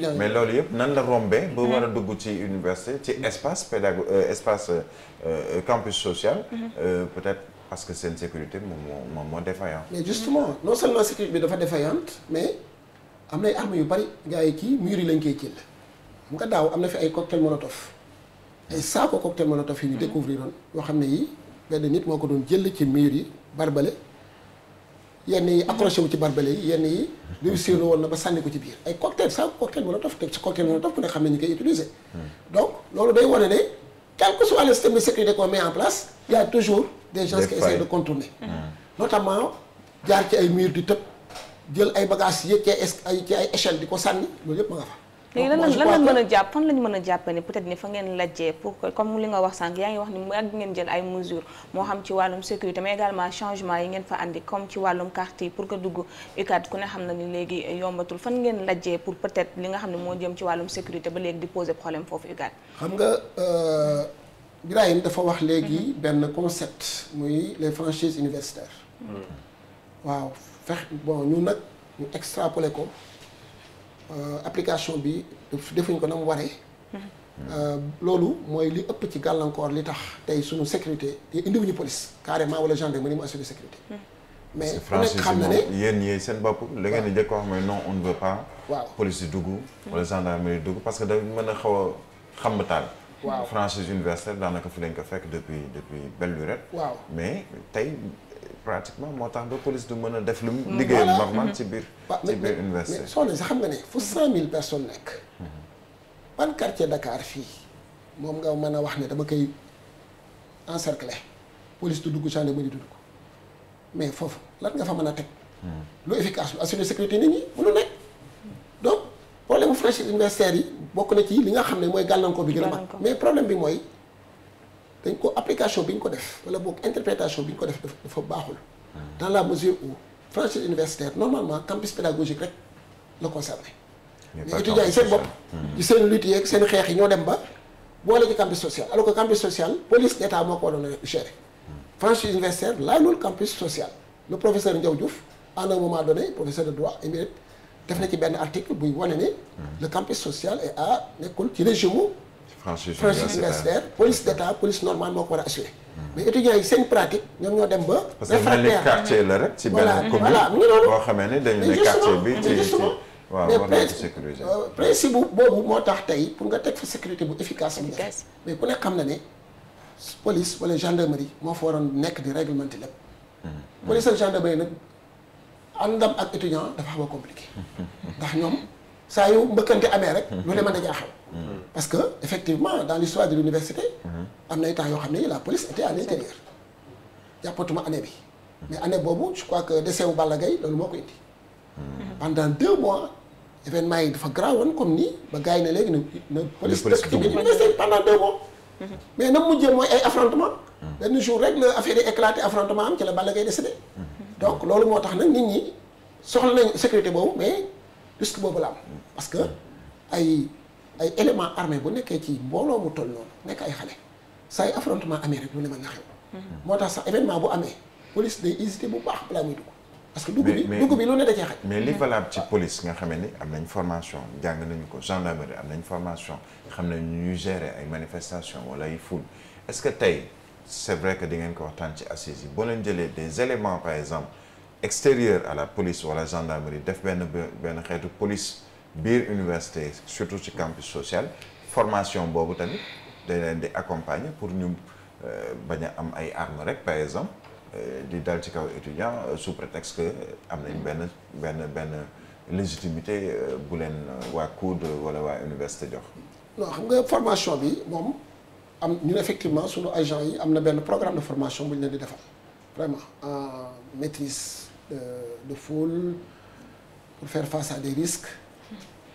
la. mais loolu yëpp nan la rombee. ba war a duggu ci université ci espace pédago euh, espace euh, euh, campus social. peut-être. parce que seen sécurité moom moo moom moo défaillant mais justement non seulement sécurité bi dafa défaillante mais am nay armes yu bari gars yi kii mur yi lañ koy jël xam nga daaw am na fi ay cocktail molotov ay saako cocktail molotov yi ñu hmm. découvrir oon yoo xam ne yi benn nit moo ko doon jël ci mur yi barbale yenn yi accroché wu ci barbale yi yenn yi hmm. réussir woon na ba sànni ko ci biir ay cocktail saako cocktail molotov te ci cocktail molotov ku ne xam ne ñu koy utiliser hmm. donc loolu day wane ne quel que soit le système de sécurité qu'on met en place il y a toujours des gens qui essaient de contourner mmh. notamment jaar ci ay mur di tëb jël ay bagages yëg ay ci ay échelle di ko sànni loolu yëpp ma nga fa léegi lan lan mën a jàpp fan lañ mën a jàpp peut-être ni fa ngeen lajjee pour que comme li nga wax sànq yaa ngi wax ni yàgg ngeen jël ay mesures moo xam ci wàllum sécurité mais également changement yi ngeen fa andi comme ci wàllum quartier pour que dugg UCAD ku ne xam na ni léegi yombatul fan ngeen lajjee pour peut-être li nga xam ne moo jëm ci wàllum sécurité ba léegi di poser problème foofu UCAD xam euh, Birahim dafa wax léegi benn concept muy les franchises universitaires hmm. waaw fex bon ñu nag ñu extrapolé ko euh, application bi defuñ ko na mu waree hmm. euh, loolu mooy li ëpp ci gàllankoor li tax tey suñu sécurité indiwuñu police carrément wala gendarmerie mu assuré sécurité hmm. mais ku nekk xam na ne yéen ñii seen bopp la ngeen di wax ko non on ne veut pas waaw police yi dugg wala gendarmerie dugg parce que dañ mën a xaw a taal waaw franchise universitaire daanaka fi lañ ko fekk depuis depuis belle rek waaw mais tey pratiquement moo tax ba police du mën a def lu mu. Mm-hmm. liggéeyam normal mm-hmm. ci biir. ci biir université mais soxna xam nga ne fu 100000 personnes nekk. Mm-hmm. ban quartier Dakar fii moom nga mën a wax ne dama koy encercler police du dugg gendarmerie du dugg mais foofu lan nga fa mën a teg. lu efficace lu assurer sécurité nit ñi mënu problème mu franchise universitaire yi bokk na ci li nga xam ne mooy gàllankoor bi gën a mag mais problème bi mooy dañ ko application bi ñu ko def wala boog interprétation bi ñu ko def dafa baaxul hmm. dans la mesure où franchise universitaire normalement campus pédagogique rek la ko mais étudiants yi seen bopp ci hmm. seen lutte yeeg seen xeex yi ñoo dem ba boole ci campus social alors que campus social police d'état moo ko waroon a gérer hmm. franchise universitaire laaj loolu social le professeur Ndiaw Diouf à un moment def na ci benn article buy wane ni. le campus social est nekkul ci régime mu. franchise universitaire police d' police normale moo ko war a assuré. mais étudiants yi seen pratique ñoom ñoo dem ba. parce que mel ni quartier la rek. ci benn commune boo xamee ne ne quartier bi ci ci. waaw euh, boobu moo tax tey pour nga teg fa sécurité bu efficace. efficace mais ku ne xam na ne police wala gendarmerie moo fa waroon nekk di réglementer lépp. Hmm. police ak gendarmerie nag. àndam ak étudiant dafa xaw a compliqué ndax ñoom saa yu mbëkkante amee rek lu ne mën a jaaxal parce que effectivement dans l'histoire de l'université am nay tax yoo xam ne la police était à l'intérieur jàppatuma année bi mais année boobu je crois que décès wu Balla loolu moo ko indi pendant deux mois événement yi dafa graawoon comme nii ba gars yi ne léegi na police dëkk ci biir pendant deux mois mais na mujjee mooy ay affrontement hmm. benn jour rek la affaire yi éclaté affrontement am ci Balla Gaye décédé donc loolu moo tax nag nit ñi soxla nañu sécurité boobu mais risque boobu la am parce que ay ay élément armé bu nekkee ci mbooloo mu toll noonu nekk ay xale saa yu affrontement amee rek lu ne mën na xew. Mhm. moo tax sax événement bu amee police day hésité bu baax balaa muy dugg. parce que dugg bi dugg bi lu ne da cee xaj. mais li mhm. valable ci police nga xamee ni am nañ formation jàng nañu ko gendarmerie am nañ formation xam nañu ñuy gérer ay manifestation wala ay foule ce que tey. c'est vrai que di ngeen ko waxtaan ci assises yi boo leen jëlee des éléments par exemple extérieurs à la police wala gendarmerie def benn benn xeetu police biir université surtout ci campus social formation boobu tamit dañ leen di accompagner pour ñu euh, bañ a am ay armes rek par exemple euh, di dal ci kaw étudiant euh, sous prétexte que am nañ benn benn benn légitimité bu leen waa COUD wala waa université jox. non xam nga formation bi moom. am ñun effectivement suñu agent yi am na benn programme de formation bu ñu leen di defal vraiment en maîtrise de foule pour faire face à des risques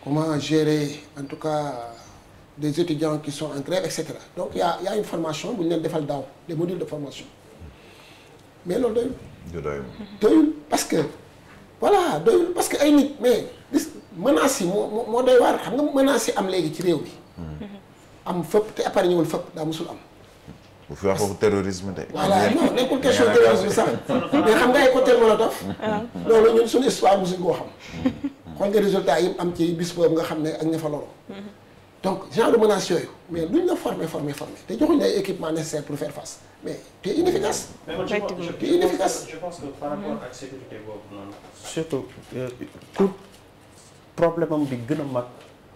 comment gérer en tout cas des étudiants qui sont et cetera donc y a une formation bu ñu leen defal daaw des modules de formation mais loolu doyul. du parce que voilà doyul parce que ay nit mais gis menaces yi moo moo doy waar xam nga menaces yi am léegi ci réew bi am fépp te épargne wul fépp daa mosul am. bu fi wax foofu terrorisme de. voilà non nekkul question terrorisme sax mais xam nga ay côté Molotov. Ah. loolu ñun suñu histoire mosuñ koo xam. xool nga résultat yi am ci bis boobu nga xam ne ak ña fa loru. donc genre de menace yooyu mais luñ la formé formé formé te joxuñ ay équipement nécessaire pour faire face mais tu es inefficace. effectivement inefficace. je que par rapport ak sécurité boobu noonu. surtout pour euh, problème am bi gën a mag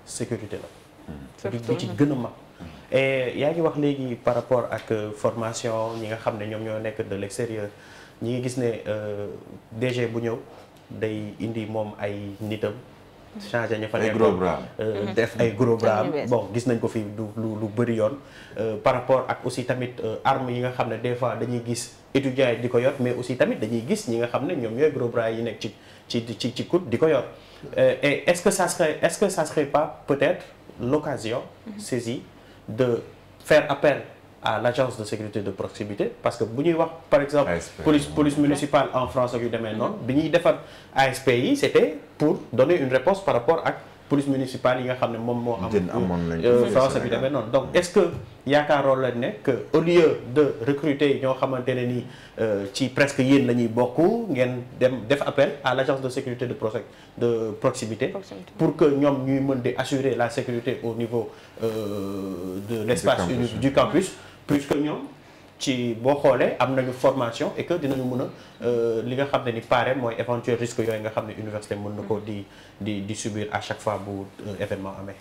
sécurité la. bi ci gën a mag mm. yaa ngi wax léegi par rapport ak euh, formation ñi nga xam ne ñoom ñoo nekk de l'extérieur ñi ngi gis ne euh, DG bu ñëw day indi moom ay nitam mm. changé ñu fa nekkoon euh, mm-hmm. def ay gros bras bon gis nañ ko fi du lu lu bëri yoon par rapport ak aussi tamit arme yi nga xam ne des fois dañuy gis étudiants yi di ko yor mais aussi tamit dañuy gis ñi nga xam ne ñoom ñooy gros bras yi nekk ci ci ci ci coude di ko yor et est-ce que ça est-ce que ça pas peut l'occasion saisie de faire appel à l'agence de sécurité de proximité parce que bu ñuy wax par exemple ASP, police oui. police municipale en France ak yu demee noonu bi ñuy defar ASP yi c'était pour donner une réponse par rapport ak police municipale yi nga xam ne moom moo am euh, France bi demee noonu donc est-ce que yaakaaroon la ne que au lieu de recruter ñoo xamante ne ni euh, ci presque yéen la ñuy bokk ngeen dem def appel à l'agence de sécurité de proce de proximité pour que ñoom ñuy mën di assurer la sécurité au niveau euh, de l'espace du campus puisque ñoom ci boo xoolee am ñu formation et que ñu mun a euh, li nga xam ne ni pare mooy éventuel risque yooyu nga xam ne université mën na ko di di di subir à chaque fois bu euh, événement amee.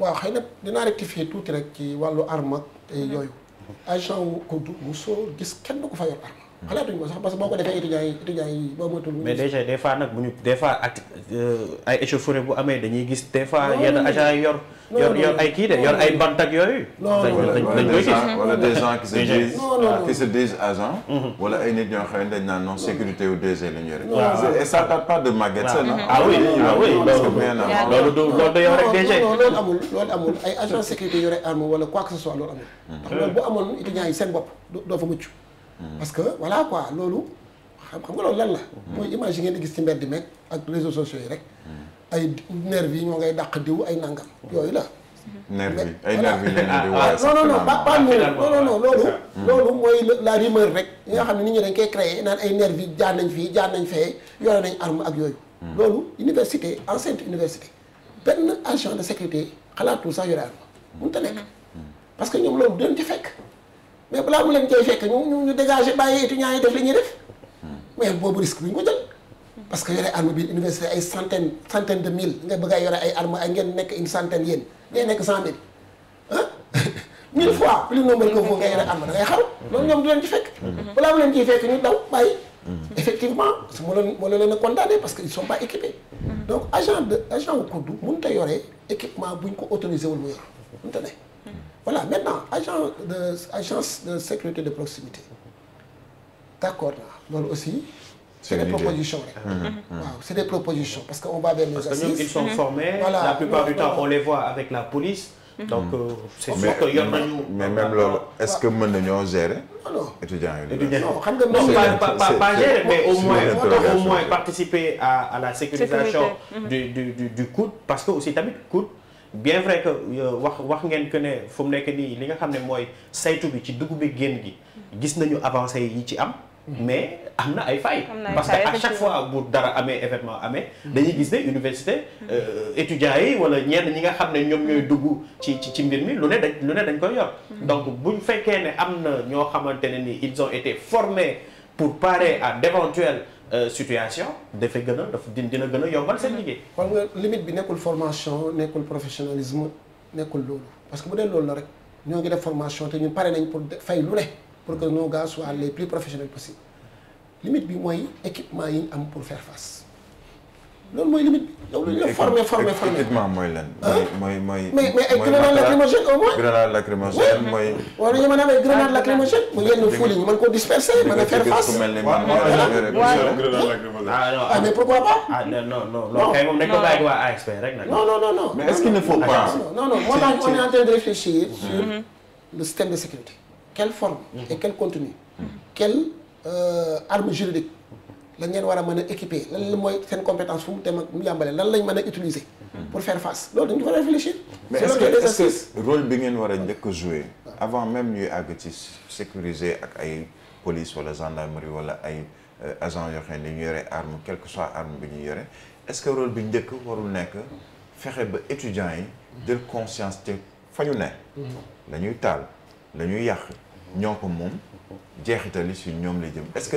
waaw xëy na dinaa rectifier tuuti rek ci wàllu arme ak yooyu. Mm-hmm. agent wu Koudou mosoo gis kenn du ko fa yor arme. xalaatuñ ko sax parce que boo ko defee étudiants yi étudiants yi boo moytuwul. mais déjà des fois nag bu ñu des fois euh, ay échauffourée bu amee dañuy gis des fois yenn agents yi yor. yor yor ay kii de ay bant ak yooyu. non dañ koy gis se disent. qui se disent agents. Mhm. wala ay nit ñoo xam ne dañ naan sécurité ou DG la yore. et ça date de Maguette Sène. ah oui ah oui loolu du wala quoi que ce soit loolu amul. ndax hmm. loolu bu amoon étudiants yi seen bopp doo fa mucc Mm. parce que voilà quoi loolu xam xam nga loolu lan la. Mm. mooy image yi ngeen di gis ci mbedd meeg ak réseaux sociaux yi rek. Mm. ay nervi yi ñoo ngay daq diw ay nangam yooyu la. nervi ay nervi yi leen di ah, ah, waaye non non non pas non non non loolu. loolu mooy la rumeur rek yi xam ne ni ñu dañ koy créer naan ay nervi jaar nañ fii jaar nañ fee yooyu nañ arme ak yooyu. loolu université enceinte université benn agent de sécurité xalaatul sax yore arme mënut a nekk parce que ñoom loolu du leen ci fekk. mais balaa mu leen koy fekk ñu ñu ñu dégagé bàyyi yi def li ñuy def hmm. mais boobu risque bi ko jël parce que yore arme bi université ay centaine centaine de mille nga bëgg a yore ay arme ay ngeen nekk une centaine yéen ngay nekk cent mille ah mille fois plus nombre que vous nga yore arme da ngay xaru loolu ñoom du leen ci fekk hmm. balaa mu leen ciy fekk ñu daw bàyyi hmm. effectivement su ma leen ma leen a parce que ils sont pas équipés donc agent de agent wu kudd mënut a yore ko autorisé wul mu yor mënut voilà maintenant agent de agence de sécurité de proximité d' accord naa aussi. c' est des propositions rek. Mmh, mmh. des propositions parce que on va vers nos assises. parce que ñoom ils sont mmh. formés. voilà la plupart du temps on les voit avec la police. donc euh, c' oh, que yor nañu. mais même loolu est ce que mën nañoo gérer. étudiants yi non xam nga non pas pas pas gérer mais au moins participer à à la sécurisation. du du parce que aussi tamit COUD. bien vrai que euh, wax wax ngeen que ne fu mu nekk nii li nga xam ne mooy saytu bi ci dugub bi génn gi gis nañu avancé yi ci am mais am na ay fay parce que à chaque fois bu dara amee événement amee hmm. dañu gis ne université hmm. euh, étudiants yi wala ñeen ñi nga xam ne ñoom ñooy hmm. dugg ci ci mbir mi lu ne dañ lu ne dañ koy yor donc buñ fekkee ne am na ñoo xamante ne ni ils ont été formés pour parer à d'éventuels Euh, situation dafay gën a daf dina gën a yombal seen liggéey. xam bi nekkul formation nekkul professionnalisme nekkul loolu parce que bu dee loolu la rek ñoo ngi def formation te ñun pare nañ pour fay lu ne pour que nos gars soient les plus professionnels possible limite bi mooy équipement yi ñu am pour faire face. loolu mooy limite bi. yow li ñu la formé formé formé équipement mooy lan. mooy mooy mais mais ay grenade lacrymogène au moins. grenade lacrymogène mooy. wala ñu mën a am ay ah, grenade lacrymogène. mu yenn foule yi ñu mën koo disperser mën a faire face. ah mais pourquoi pas. ah non non non non kay moom dañ ko bàyyi waa ASP rek nag. non non non non mais est-ce qu'il ne faut pas. non non moo tax on est en train de réfléchir mm-hmm. sur mm-hmm. le système de sécurité. quelle forme et mm-hmm. quel contenu. quelle euh, arme juridique. lañ leen war a mën a équiper lan la mooy seen compétence fu mu dem ak lañ mën a utiliser. pour faire face loolu dañu war a réfléchir. mais est-ce que bi ngeen war a njëkk a jouer avant même ñuy àgg ci sécuriser ak ay police wala gendarmerie wala ay euh, agent yoo xam ne ñu yore arme quel que soit arme bi ñu yore est-ce que rôle bi njëkk warul nekk fexe ba étudiants yi jël conscience te fa ñu ne. la ñuy taal la yàq ñoo ko moom jeexital si ñoom la jëm est-ce que.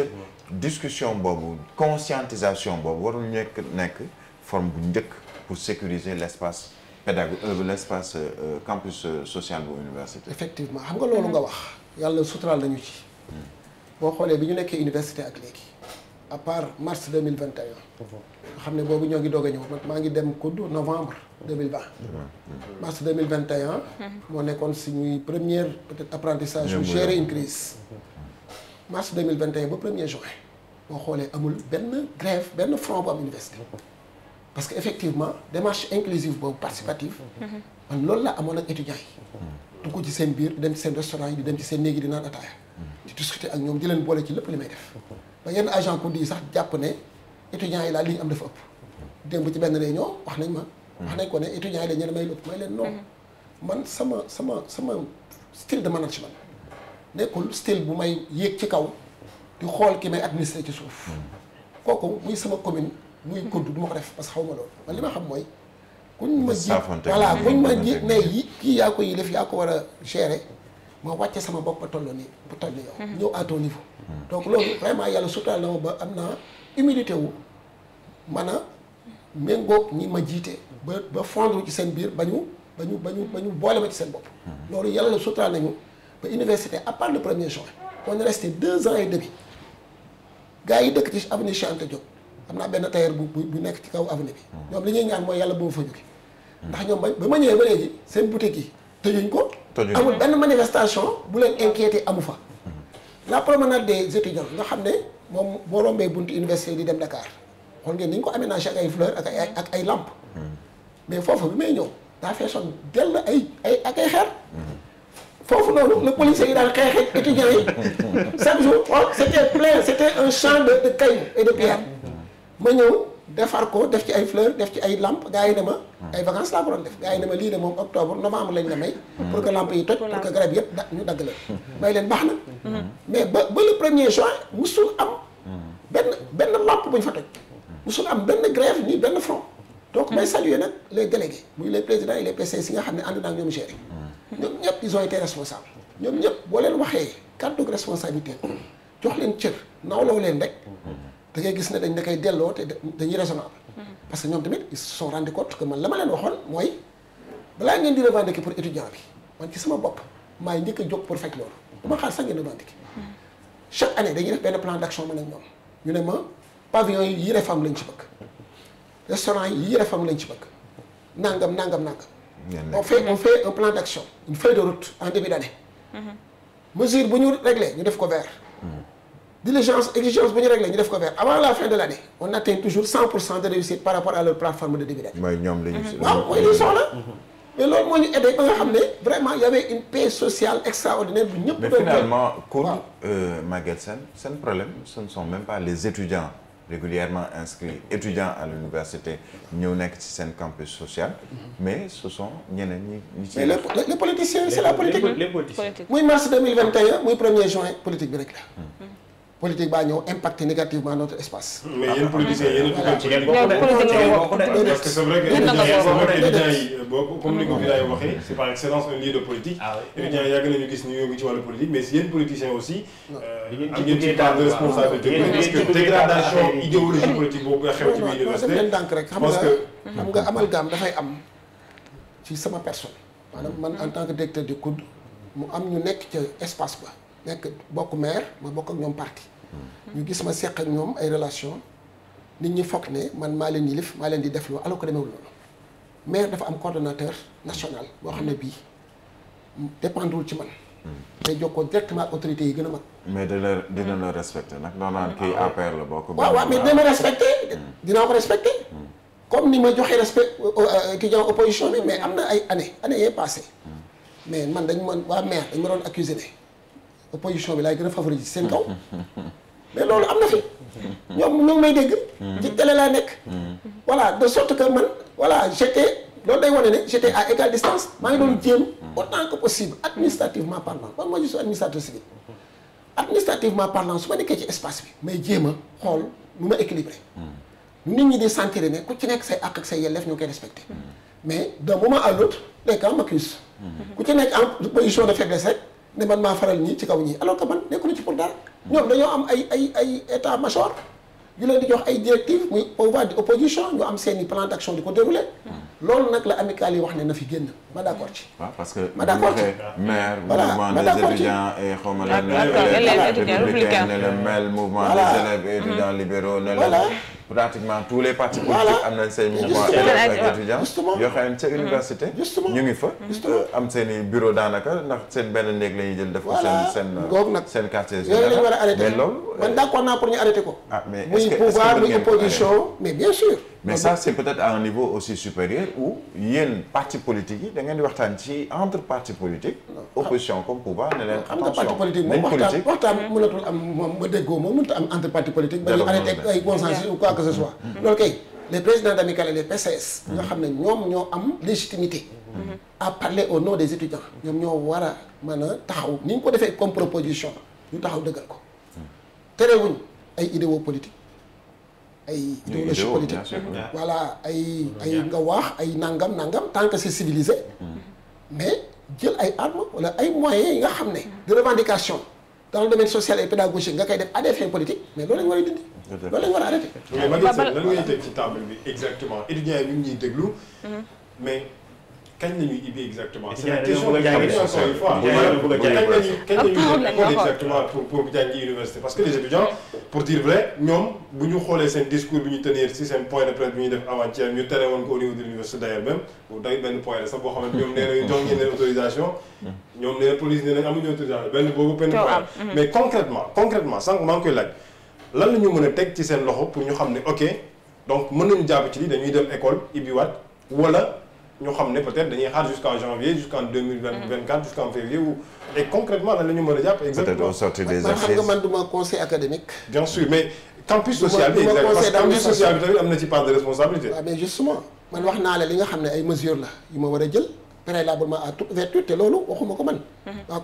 discussion boobu conscientisation boobu warul nekk nekk forme bu njëkk pour sécuriser l' espace pédagogique euh, l' espace euh, campus euh, social bu université. effectivement xam nga loolu nga wax yàlla suturaal nañu ci. Hmm. boo xoolee bi ñu nekkee université ak léegi à part mars deux mille vingt et un xam ne boobu ñoo ngi doog a ñëw maa ngi dem kudd novembre deux mille vingt hmm. mars deux mille vingt et un hmm. moo nekkoon suñuy première peut-être apprentissage. géré une crise mars 2021 ba 1er juin boo xoolee amul benn grève benn front bu am université parce que effectivement démarche inclusive boobu participative man loolu la amoon ak étudiants yi dugg ci seen biir di dem ci seen restaurant yi di dem ci seen néegi dinaa di naan ataaya discuter ak ñoom di leen boole ci lépp li may def ba yenn agent pour di sax jàpp ne étudiants yi laa li am dafa ëpp démb ci benn réunion wax nañ ma wax nañ ko ne étudiants yi dañ leen may lépp leen non mhm. man sama sama sama style de management nekkul style bu may yéeg ci kaw di xool ki may administré ci suuf hmm. kooku muy sama commune muy kodd du ma ko def parce que xaw ma loolu man li ma xam mooy kuñ ma ji voilà kuñ ma ji ne yi kii yaa ko yi def yaa ko war a gérer ma wàcce sama bopp ba toll nii bu toll yow hmm. ñëw à niveau hmm. donc loolu vraiment yàlla sutural na ma ba am na humilité wu man a méngoog ñi ma jiite ba ba fondre ci seen biir ba ñu ba ñu ba boole ma ci seen bopp loolu yàlla la sutural nañu ba université à part le premier juin on est resté deux ans et demi gars yi dëkk ci avenue Cheikh Anta Diop am naa benn tailleur bu bu nekk ci kaw avenue bi. Hmm. ñoom li ñuy ñaan mooy yàlla boo fa jóge hmm. ndax ñoom ba ma ñëwee ba léegi seen boutique yi tëjuñ ko. amul benn manifestation bu leen inquiété amu fa. Hmm. la promenade des étudiants nga xam ne moom boo rombee buntu université di dem Dakar xool ngeen ni ñu ko aménagé ak ay fleurs ak ay ak ay lampes. mais foofu bi may ñëw daa feesoon dell ay ay ak ay xeer. foofu loolu le policier yi daal xeex ak étudiants yi chaque jour oh c' était plein un champ de de cailloux et de pierres ma ñëw defar ko def ci ay fleurs def ci ay làmp gars yi ne ma. ay vacances laa ko doon def gars yi ne ma lii de moom octobre novembre lañ la may. pour que lampes yi toj pour que garab yëpp da ñu dagg la. may leen baax na. mais ba ba le premier juin musul am. benn benn lampe bu ñu fa toj. musul am benn grève ni benn front. donc may saluer nag les délégués muy les présidents et les PCS xam ne ànd naa ak ñoom ñëpp ils ont été responsables ñoom ñëpp boo leen waxee kàddu responsabilité jox leen cër nawloo leen rek da ngay gis ne dañ da koy delloo te dañuy raisonnable parce que ñoom tamit ils se sont rendu compte que man la ma leen waxoon mooy balaa ngeen di revendiquer pour étudiant bi man ci sama bopp maay njëkk a pour faj loolu du ma sax ngeen revendiquer chaque année dañu def benn plan d' action man ñoom ñu ne ma pavillon yi yëre femme lañ ci bëgg restaurant yi yëre femme lañ ci bëgg nangam nangam nangam on fait un plan d'action une feuille de route en début d'année mm-hmm. mesure bu ñu réglé ñu def ko mm-hmm. diligence exigence bu ñu réglé ñu def ko avant la fin de l'année on atteint toujours 100 pour cent par rapport à leur plateforme de début d'année mooy ñoom la mm-hmm. ñu waaw mais loolu moo ñu aidé ba une euh, problème ce ne sont même pas les étudiants régulièrement inscrits étudiants à l'université ñëw nekk ci seen campus social. Mhm. mais ce sont ñeneen la politique. les politiciens muy mars juin politique bi la. Mhm. politique baa ñëw impacté négativement notre espace. mais yéen politiciens yéen a dugg ci yéen bokk de parce que c'est ni ko Viraye waxee c'est par excellence un lieu de politique ah étudiants yi yàgg nañu gis ñu yëngu ci wàllu politique mais si yéen politiciens aussi euh, am ngeen ci part de responsabilité parce que dégradation idéologie politique nga xew ci dafay am ci sama personne man en tant que directeur du COUD mu am ñu nekk ca espace ba nekk bokk maire ma bokk ak ñoom parti ñu gis ma seq ak ñoom ay relation nit ñi foog ne man maa leen yilif maa leen di def loo alors que demeewul noonu maire dafa am coordonnateur national boo xam ne bii dépendrewul ci man. day jokkoo directement ak autorités yi gën a mag. mais dina dina la respecté nag. doo naan kii ah, ah. APR la bokk. waaw waaw mais dina ma respecté. dinaa ko respecté. comme ni ma joxee respect euh, euh, euh, ki jox opposition bi mais am na ay années années yee passé hmm. mais man dañ man waa dañ ma doon accusé ne. opposition bi laay gën a favoriser seen kaw mais loolu am na fi ñoom ñoo ngi may dégg ci télé laa nekk voilà de sorte que man voilà j'étais loolu day wane ne j'étais à égale distance maa ngi doon jéem autant que possible administrativement parlant man ma je suis administrateur civil administrativement parlant su ma nekkee ci espace bi may jéem a xool nu ma équilibré nit ñi di sentir ne ku ci nekk say àq ak say yelleef ñu koy respecté mm. mais d'un moment à l'autre les camps m'accusent mm. ku ci nekk en position de faiblesse rek ne man maa faral ñii ci kaw ñii alors que man nekkuma ci pour dara. ñoom dañoo am ay ay ay état major yu leen di jox ay directives muy pouvoir di opposition ñu am seen i plan d' di ko déroulé. loolu nag la amicale yi wax ne na fi génn ma d' ci. parce que ma d' accord ci maire. mouvement des étudiants et xaw ma lan. le MEL mouvement des élèves et mm-hmm. ne la. pratiquement tous les partis politiques am nañ seen mouvement élèves yoo xam ne ca mm-hmm. université ñu ngi fa mm-hmm. am seen i bureau daanaka ndax seen benn néeg la ñuy jël def ko seen seen googu nag euh, seen quartier général lañ war a arrêté mais naa pour ñu arrêté ko ah, mais muy pouvoir muy opposition mais bien sûr mais ça c'est peut a à un niveau aussi supérieur où yéen parti politique yi da ngeen di waxtaan ci entre parti politique ah. opposition comme pouvoir ne leen ah, attention parti politique moom waxtaan waxtaan mënatul am moom ba déggoo moom mënut a am entre parti politique ba ñu arrêté ay consensus ou quoi que ce soit mm-hmm. loolu kay les présidents d'amicales et les PCS ñoo mm-hmm. xam ne ñoom ñoo am légitimité mm-hmm. à parler au nom des étudiants ñoom ñoo war a a taxaw ni ñu ko defee comme proposition ñu taxaw dëggal ko mm. terewuñ ay idéaux politiques ay idéologie politique voilà ay ay nga wax ay nangam nangam tant que c'est civilisé mm-hmm. mais jël ay armes wala ay moyens yi nga xam ne de revendication dans le domaine social nga koy def à des fins mais loolu la ñu war a dindi loolu la ñu war a arrêté mais lan ngay yi ñu ñuy déglu mm-hmm. mais kañ nañu ibbi exactement. que une fois. kañ nañu exactement pour pour jàngi université parce que les étudiants pour dire vrai ñoom bu ñu xoolee seen discours bi ñu tenir si seen point de presse bi ñuy def avant-hier ñu tere ko au niveau de l'université d'ailleurs bu day benn point sax boo xam ne ñoom nee nañu autorisation. Mm. ñoom nee na police nee nañ amuñu autorisation benn boobu benn point. Mm-hmm. mais concrètement concrètement sànq maa koy laaj lan la mën a teg ci seen loxo pour ñu ñoo xam ne peut-être dañuy xaar jusqu'en janvier jusqu'en deux mille vingt quatre jusqu'en février ou et concrètement la ñu mën a jàpp exactement peut des affaires man du conseil académique bien sûr mais campus social bi am na ci part de responsabilité waaw ah, mais justement man mhm.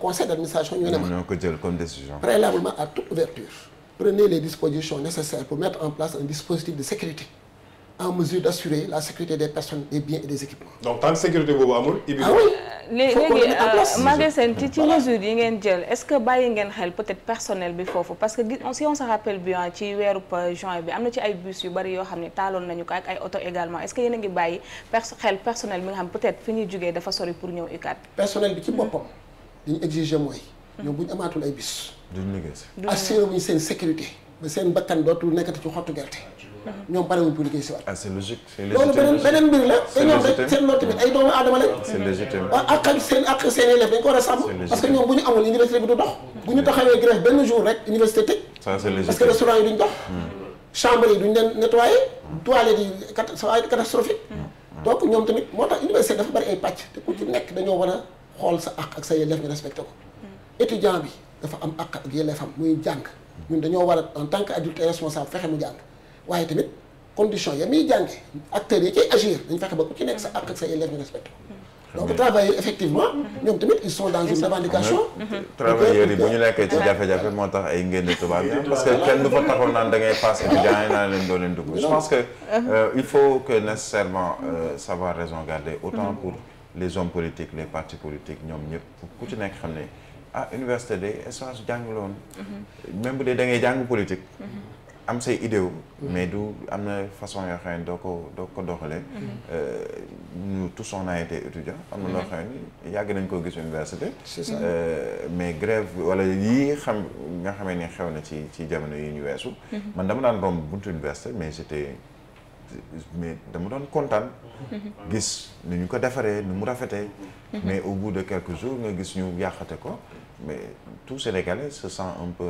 conseil d'administration ma ñoo ko jël comme décision préalablement les dispositions nécessaires pour mettre en place un dispositif de sécurité en mesure d'assurer la sécurité des personnes, des biens et des équipements. Donc, tant que sécurité boobu amul. Ah euh, léegi euh, Maguette Sène ci mesure yi ngeen jël est-ce que bàyyi ngeen xel peut-être personnel bi foofu parce que si on se rappelle bien ci weeru euh, juin bi am na ci ay bus yu bari yoo xam ne taaloon nañu ko ak ay oto également est-ce que yéen a ngi bàyyi perso xel personnel bi nga xam peut fi ñuy jugee dafa sori pour ñëw UCAD. personnel bi ci mm-hmm. boppam li ñu exiger mm-hmm. seen sécurité ba seen bakkan dootul gerte. ñoom pare wuñ pour liggéey si waat. ah c' est logique c' est loolu beneen beneen mbir la. te ñoom dañ seen loolu tamit ay doomu aadama lañ. c' est ah, seen ak seen élèves dañ ko war a sàmm. parce ñoom bu ñu amul université bi du dox. bu ñu taxawee grève benn jour rek université tëj. ça restaurant yi duñ dox. Hmm. chambre yi duñ leen nettoyé. toilettes yi catastrophique. Hmm. Hmm. donc ñoom tamit moo tax université dafa bari ay pàcc te ku ci nekk dañoo war a xool sa àq ak sa yelleef nga respecté ko étudiant bi dafa am àq ak yelleefam muy jàng ñun dañoo war a en tant que adulte responsable fexe mu waaye tamit condition ya muy jànge acteurs yi ciy agir dañu fexe ba ku ci nekk sa àq ak sa élèves ñu respecté donc travailleurs effectivement ñoom tamit ils sont dans une revendication travailleurs yi bu ñu nekkee ci jafe-jafe moo tax ay ngeen tubaab yi parce que kenn du naan da ngay passe étudiant yi leen doo dugg je que euh, il faut que nécessairement euh, savoir raison garder autant pour les hommes politiques les partis politiques ñoom ñëpp ku ci nekk xam ne ah université de espace jàng loon même bu dee da ngay jàng politique am say idéew mm-hmm. mais du am na façon yoo xam ne doo ko doo ko doxalee mm-hmm. euh, nous tous on a été étudiant am na loo mm-hmm. xam ne yàgg nañ koo gis université euh, mais grève wala yii xam nga xamee ni xew na ci ci jamono yi ñu weesu man dama daan romb buntu université mais j'étais mais dama doon kontaan gis ni ñu ko defaree ni mu rafetee mais au bout de quelques jours nga gis ñu yàqate ko mais tout Sénégalais se sent un peu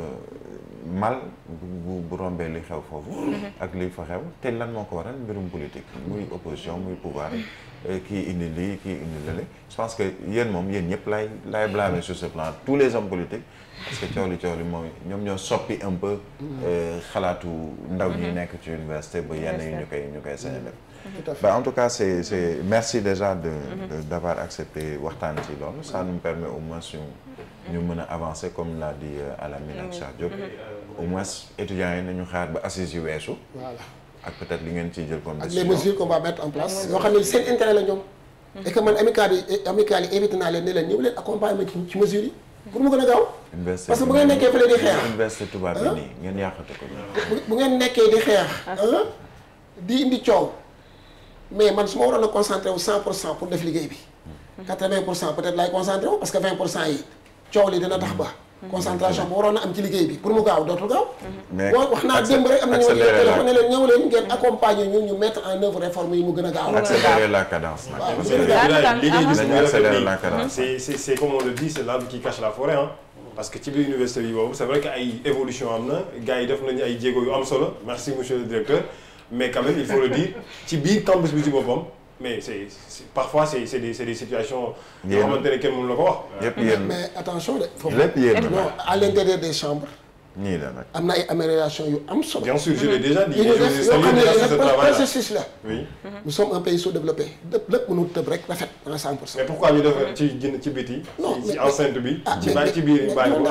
mal bu bu rombee li xew foofu. Mhm. ak li fa xew te lan moo ko waral mbirum politique. Mhm. muy opposition muy pouvoir mhm. euh, kii indi lii kii indi lële je pense que yéen moom yéen ñëpp laay laay blâmer sur ce plan tous les hommes politiques. parce que coow li coow mooy ñoom ñoo soppi un peu. Euh, xalaatu ndaw ñi nekk ci université ba yenn yi ñu koy sañ a def. ba en tout cas c'est c'est merci déjà de. de d'avoir accepté waxtaan ci loolu sa nous permet au moins ñu mën a avancer comme l'a dit Alamine euh, ak Cheikh Diop mm-hmm. au moins étudiants yi nañu xaar ba assises yu weesu voilà ak peut-être li ngeen ciy jël comme les mesures qu'on va mettre en place yoo mm-hmm. eh, leen ne leen ñëw leen ah. bu ngeen nekkee di xeex université bi di di indi coow mais man su ma waroon a concentré wu cent pour cent pour def liggéey bi mm. mm-hmm. quatre vingt pour cent peut-être laay parce que vingt pour cent yi coow li dina tax ba. concentration bu waroon a am ci liggéey bi pour mu gaaw dootul gaaw. mais wax naa démb rek am na ñu wax téléphone ne leen ñëw leen ngeen accompagner ñun ñu mettre en œuvre réforme yi mu gën a gaaw. accélérer la cadence nag. parce que ci biir université bi boobu c'est vrai que ay évolution am na gars yi def nañu ay jéego yu am solo merci monsieur le directeur mais quand même il faut le dire ci biir campus bi ci boppam mais c'est parfois c'est c'est des c'est des situations. yoo xamante ne kenn mënu la ko wax. yëpp yéen mais attention de. foofu lépp yéen non à l'intérieur des nii la nag am na ay améliorations yu am solo. bien sûr je l'ai déjà dit. yoo xam ne processus la. oui. nous sommes un pays sous-développé lépp lépp mënul tëb rek rafet en 100 pour cent. mais pourquoi ñu def ci génn ci biti. non ci enceinte bi. non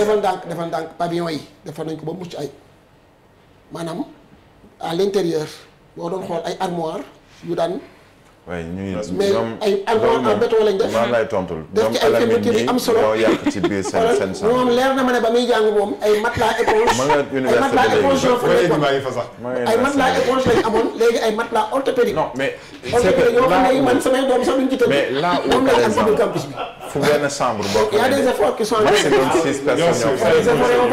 defal ndànk defal ndànk pavillon yi defal nañ ko ba mucc ay maanaam à l'intérieur boo doon xool ay armoire yu daan waaye ñuy ñoom ay armoire en béton lañ def maa lay tontul def ci ay fermeture yu am solo ñoo yàq ci biir seen seen sax moom leer na ma ne ba muy jàng moom ay matelas éponge ma nga université ay matelas éponge yoo fa nekkoon ay matelas éponge lañ amoon léegi ay matelas orthopédique non mais c'est que yoo xam ne man samay doom sax duñ ci tëdd mais là moom laa am si biir campus bi fu benn chambre boo ko y a des efforts qui sont en c'est comme six personnes ñoo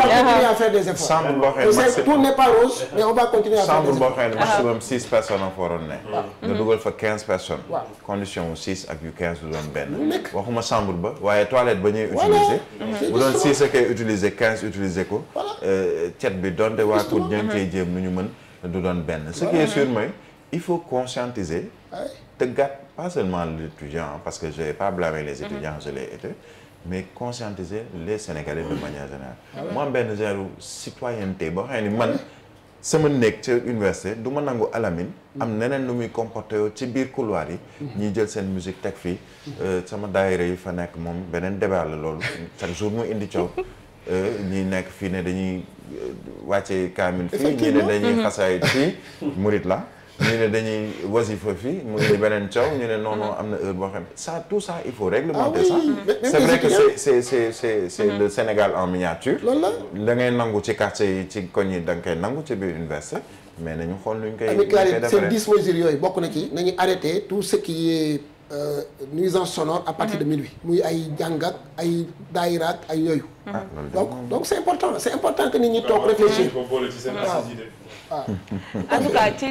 fay des efforts on va continuer à faire des efforts chambre boo xam ne tout n'est pas rose mais on va continuer à faire des efforts chambre boo xam ne maximum six personnes a fa waroon ne ah. nga dugal fa quinze personnes personnes. waaw condition wu 6 ak yu 15 du doon benn. waxuma chambre ba waaye toilette ba ñuy. utiliser mhm. bu doon 6 ak ay utiliser 15 utiliser ko. Euh, cet bi donte waa Kout ña ngi koy jéem nu ñu mën du doon benn. ce qui est sûr mooy il faut conscientiser. tëggat pas seulement l'étudiant parce que je n'ai pas blâmé les mhm. étudiants je l'ai été. mais conscientiser les Sénégalais de manière générale. Ah mu am benn genre citoyenneté boo xam ne man. sama néeg ca université du ma nangu alamine am neneen lu muy comporté yoo ci biir couloir yi ñiy jël seen musique teg fii euh, sama daayira yi fa nekk moom beneen débat la loolu chaque jour mu indi coow euh, ñi nekk fii ne dañuy euh, wàcce kaamil fii ñi ne dañuy mm-hmm. xasaay fii murit la ñu ne dañuy wasifa fii mu ngi beneen caw ñu ne non am na heure boo xam ne ça tout ça il faut réglementer ah ça c'est vrai que c'est c'est mm-hmm. Sénégal en miniature loolu la da ngay nangu ci quartier yi ci koñ yi da nga koy nangu ci biir université mais nañu xool luñ koy avec la seen dix mesures yooyu bokk na ci nañu arrêter tout ce qui est euh, nuisance sonore a partir de mm-hmm. minuit muy ay jàngak ay daayiraak ay yooyu ah, donc donc c'est important c'est important que nit ñi toog réfléchir en tout cas ci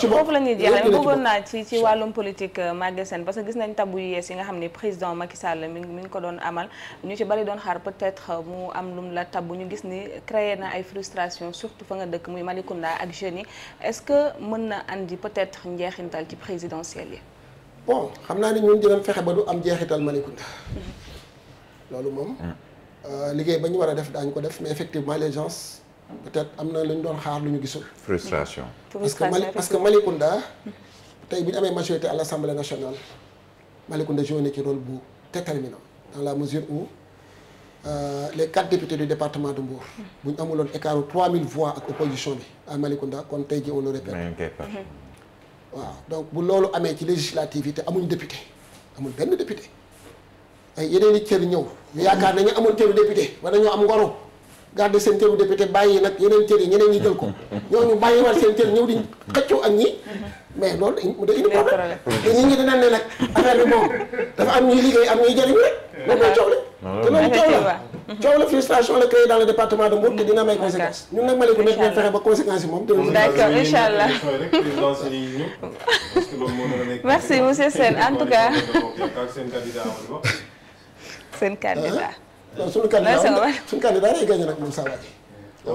ci foofu la ñuy jeexal bëggoon naa ci ci wàllum politique euh, Maguette Sène parce que gis nañ tabu yu yees yi nga xam ne président Macky Sall mi mi ngi ko doon amal ñu ci bari doon xaar peut-être euh, mu am lum la bu ñu gis ni créé na ay frustration surtout fa nga dëkk muy Malicounda ak jeunes yi est-ce que mën na indi peut-être njeexintal ci présidentielle yi bon xam naa ni ñun dinañ fexe ba du am jeexital Malicounda mm-hmm. loolu moom euh, liggéey ba ñu war a def daañu ko def effectivement les gens peut-être am na lu ñu doon xaar lu ñu gisul. frustration. parce que Mali parce que Malicounda tey bu ñu amee majorité à l'Assemblée nationale Malicounda joué na ci rôle bu déterminant dans la mesure où euh, les quatre du département de Mbour. bu ñu amuloon écart wu 3000 voix ak opposition bi à Malicounda kon tey jii on le répète. Mm-hmm. waaw donc bu loolu amee ci législative yi te amuñ député amul benn député ay yeneen i cër ñëw. yaakaar nañu amul cëru député war nañoo am ngoro. garde seen cëru député bàyyi nag yeneen cër yi ñeneen ñi jël ko ñooñu bàyyi war seen cër ñëw di xëccoo ak ñi mais loolu da indi problème dafa am ñuy liggéey am ñuy jëriñ rek moom mooy coow la ah, te loolu coow la coow la frustration la créé dans le département de Mbour te dina may conséquence ñun nag ma ne ko nekk ngeen fexe ba conséquence yi moom dina d'accord allah merci monsieur seen candidat ah. seen candidat non suñu candidat suñu candidat day gagné nag moom saa waay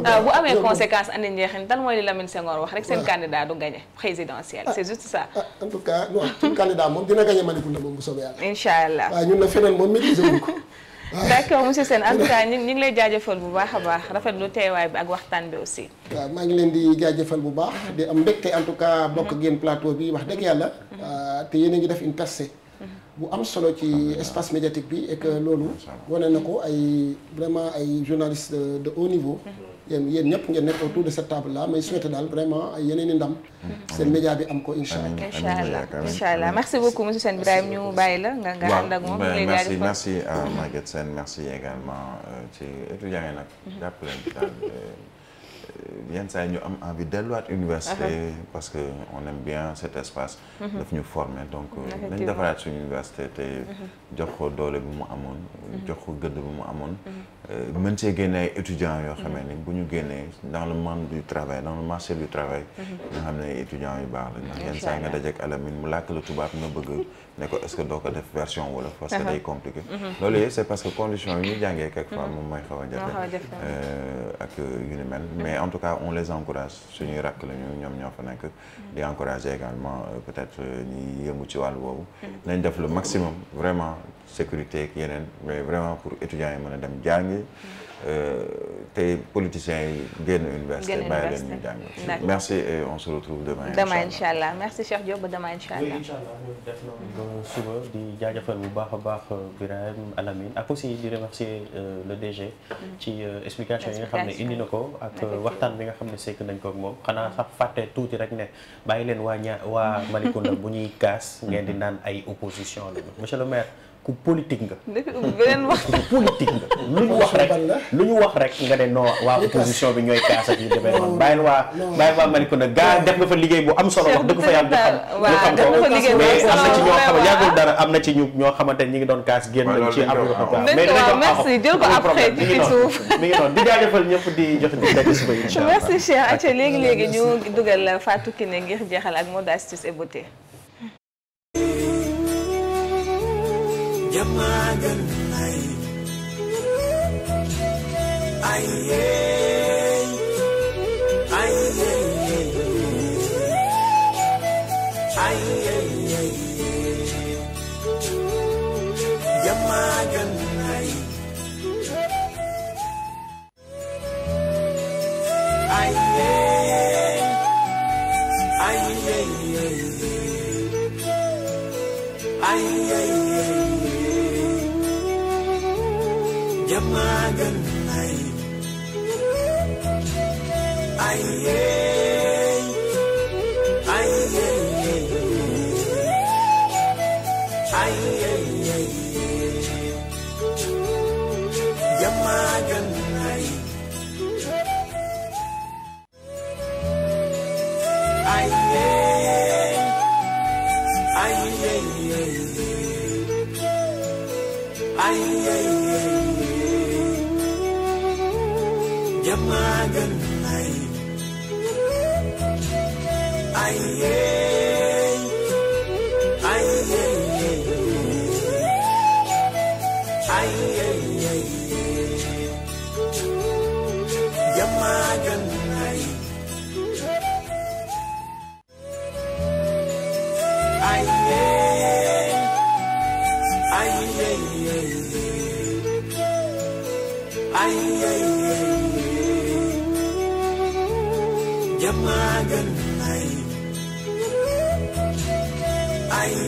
ah, bu amee conséquence andi njeexin tan mooy li Lamine wax rek seen candidat du gagné présidentielle c'est ah, juste ça ah, en tout cas suñu candidat moom dina gagné Malicounda moom bu soobee yàlla incha allah waaw ñun na feneen moom maîtrisé wuñ ko d'accord monsieur Sène en tout cas ñu ngi lay jaajëfal bu baax a baax rafetlu teewaay bi ak waxtaan bi aussi waaw maa ngi leen di jaajëfal bu baax di am mbégte tout cas bokk ngeen plateau wax dëgg yàlla mm-hmm. te yéen a def une bu am solo ci espace médiatique bi et loolu wane na ko ay vraiment ay journalistes de haut niveau yéen yéen ñëpp ngeen nekk autour de cette table là may souhaité daal vraiment ay yeneen i ndam seen média bi am ko incha allah incha allah incha allah merci beaucoup monsieur Sène Birahim ñu bàyyi la nga nga ànd ak moom merci merci à Maguette Sène merci également euh, ci étudiants yi nag mhm. jàpp leen daal euh, yenn saa yi ñu am envie delluwaat université. parce que on aime bien cet espace. Mhm. daf ñu former donc euh, nañ defaraat suñu université te mhm. jox ko doole bi mu amoon. Mhm. jox ko gëdd bi mu amoon. Euh, mën see génne ay étudiants yoo xam ni bu ñu génnee dans le monde du travail dans le marché du travail. nga xam ne étudiants yu baax la ndax yenn saa yi nga dajeek alamine mu làkk la tubaab nga bëgg. ne ko est que doo ko def version wala parce que day compliqué mhm. loolu yëpp c'est parce que condition yi ñuy jàngee quelquefois mhm. moom mooy xaw a jafe euh, ak yu ni mel mhm. mais en tout cas on les encourage suñuy rakk la ñu ñoom ñoo fa nekk di encourager également euh, peut-être euh, ñi yëngu ci wàll boobu nañ def le maximum vraiment sécurité yeneen mais vraiment pour étudiants yi mën a dem jàngi Euh, te politiciens yi génn université bàyyi leen ñu jàng. merci et on se retrouve demain incha allah demain incha merci Cheikh Diop demain incha allah. incha ñu def suba di jaajëfal bu baax a baax euh, Birahim Alamine ak aussi di remercier euh, le DG. Mm-hmm. ci explication yi nga xam ne indi na ko ak waxtaan bi nga xam ne sekk nañ ko moom xanaa sax fàtte tuuti rek ne bàyyi leen waa ña waa Malicounda bu ñuy kaas ngeen di naan ay opposition lañu monsieur le maire. ku politique nga. lu ñu wax rek lu ñu wax rek nga ne non waa opposition bi ñooy kaas ak yu demee noonu. bàyyil waa bàyyil gaa def nga fa liggéey bu am solo wax dëgg fa yàlla ñu xam. ñu xam ko mais am ñoo xam yàggul dara ñu ngi doon kaas génn nañ merci jël ko après mi ngi noonu di jaajëfal ñëpp di jox di daje suba incha allah merci Cheikh Atia léegi léegi ñu dugal Fatou Kiné ngir jeexal ak mode astuce Yamagan night. I yeah.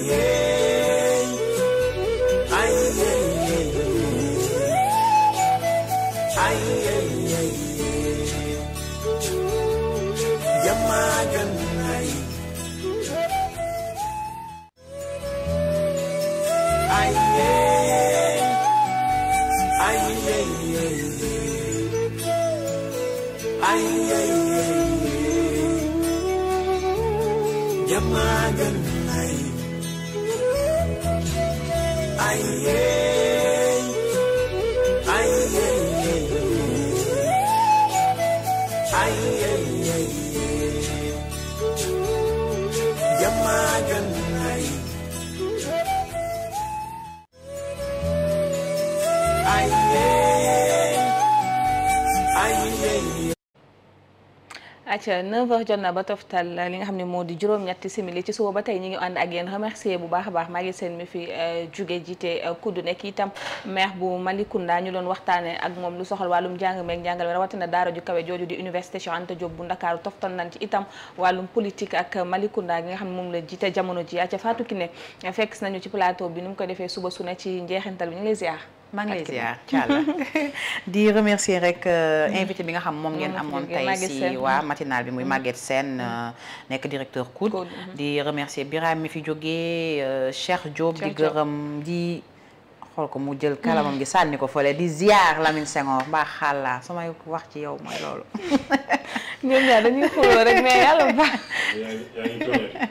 yeah. 9h jot na ba toftal li nga xam ne moo di juróom-ñetti simili ci suba ba tey ñu ngi ànd ak yéen remercier bu baax a baax Maguette Sène mi fi euh, jóge jiite euh, kudd nekk itam maire bu Malicounda ñu loon waxtaane ak moom lu soxal wàllum njàng meeg njàngal rawatina daara ju kawe jooju di université Cheikh bu Ndakaaru toftal nañ ci itam wàllum politique ak Malicounda gi nga xam ne moom la jiite jamono ji aca Fatou Kiné fekk nañu ci plateau bi nu mu ko defee suba su ne ci njeexintal bi ñu ngi lay maa ngi lay ziar Thialla di remercier rek euh, invité bi nga xam moom ngeen amoon tey si waa matinal bi muy mm-hmm. Maguette seen mm-hmm. euh, nekk directeur COUD mm-hmm. di remercier Birame mi fi jógee euh, Cheikh Diop di gërëm di xool ko mu jël kalamam gi sànni ko fële di ziar Lamine Senghor mbaa xàlla samay wax ci yow mooy loolu ñoom ñaar dañuy xuloo rek mais yàlla baax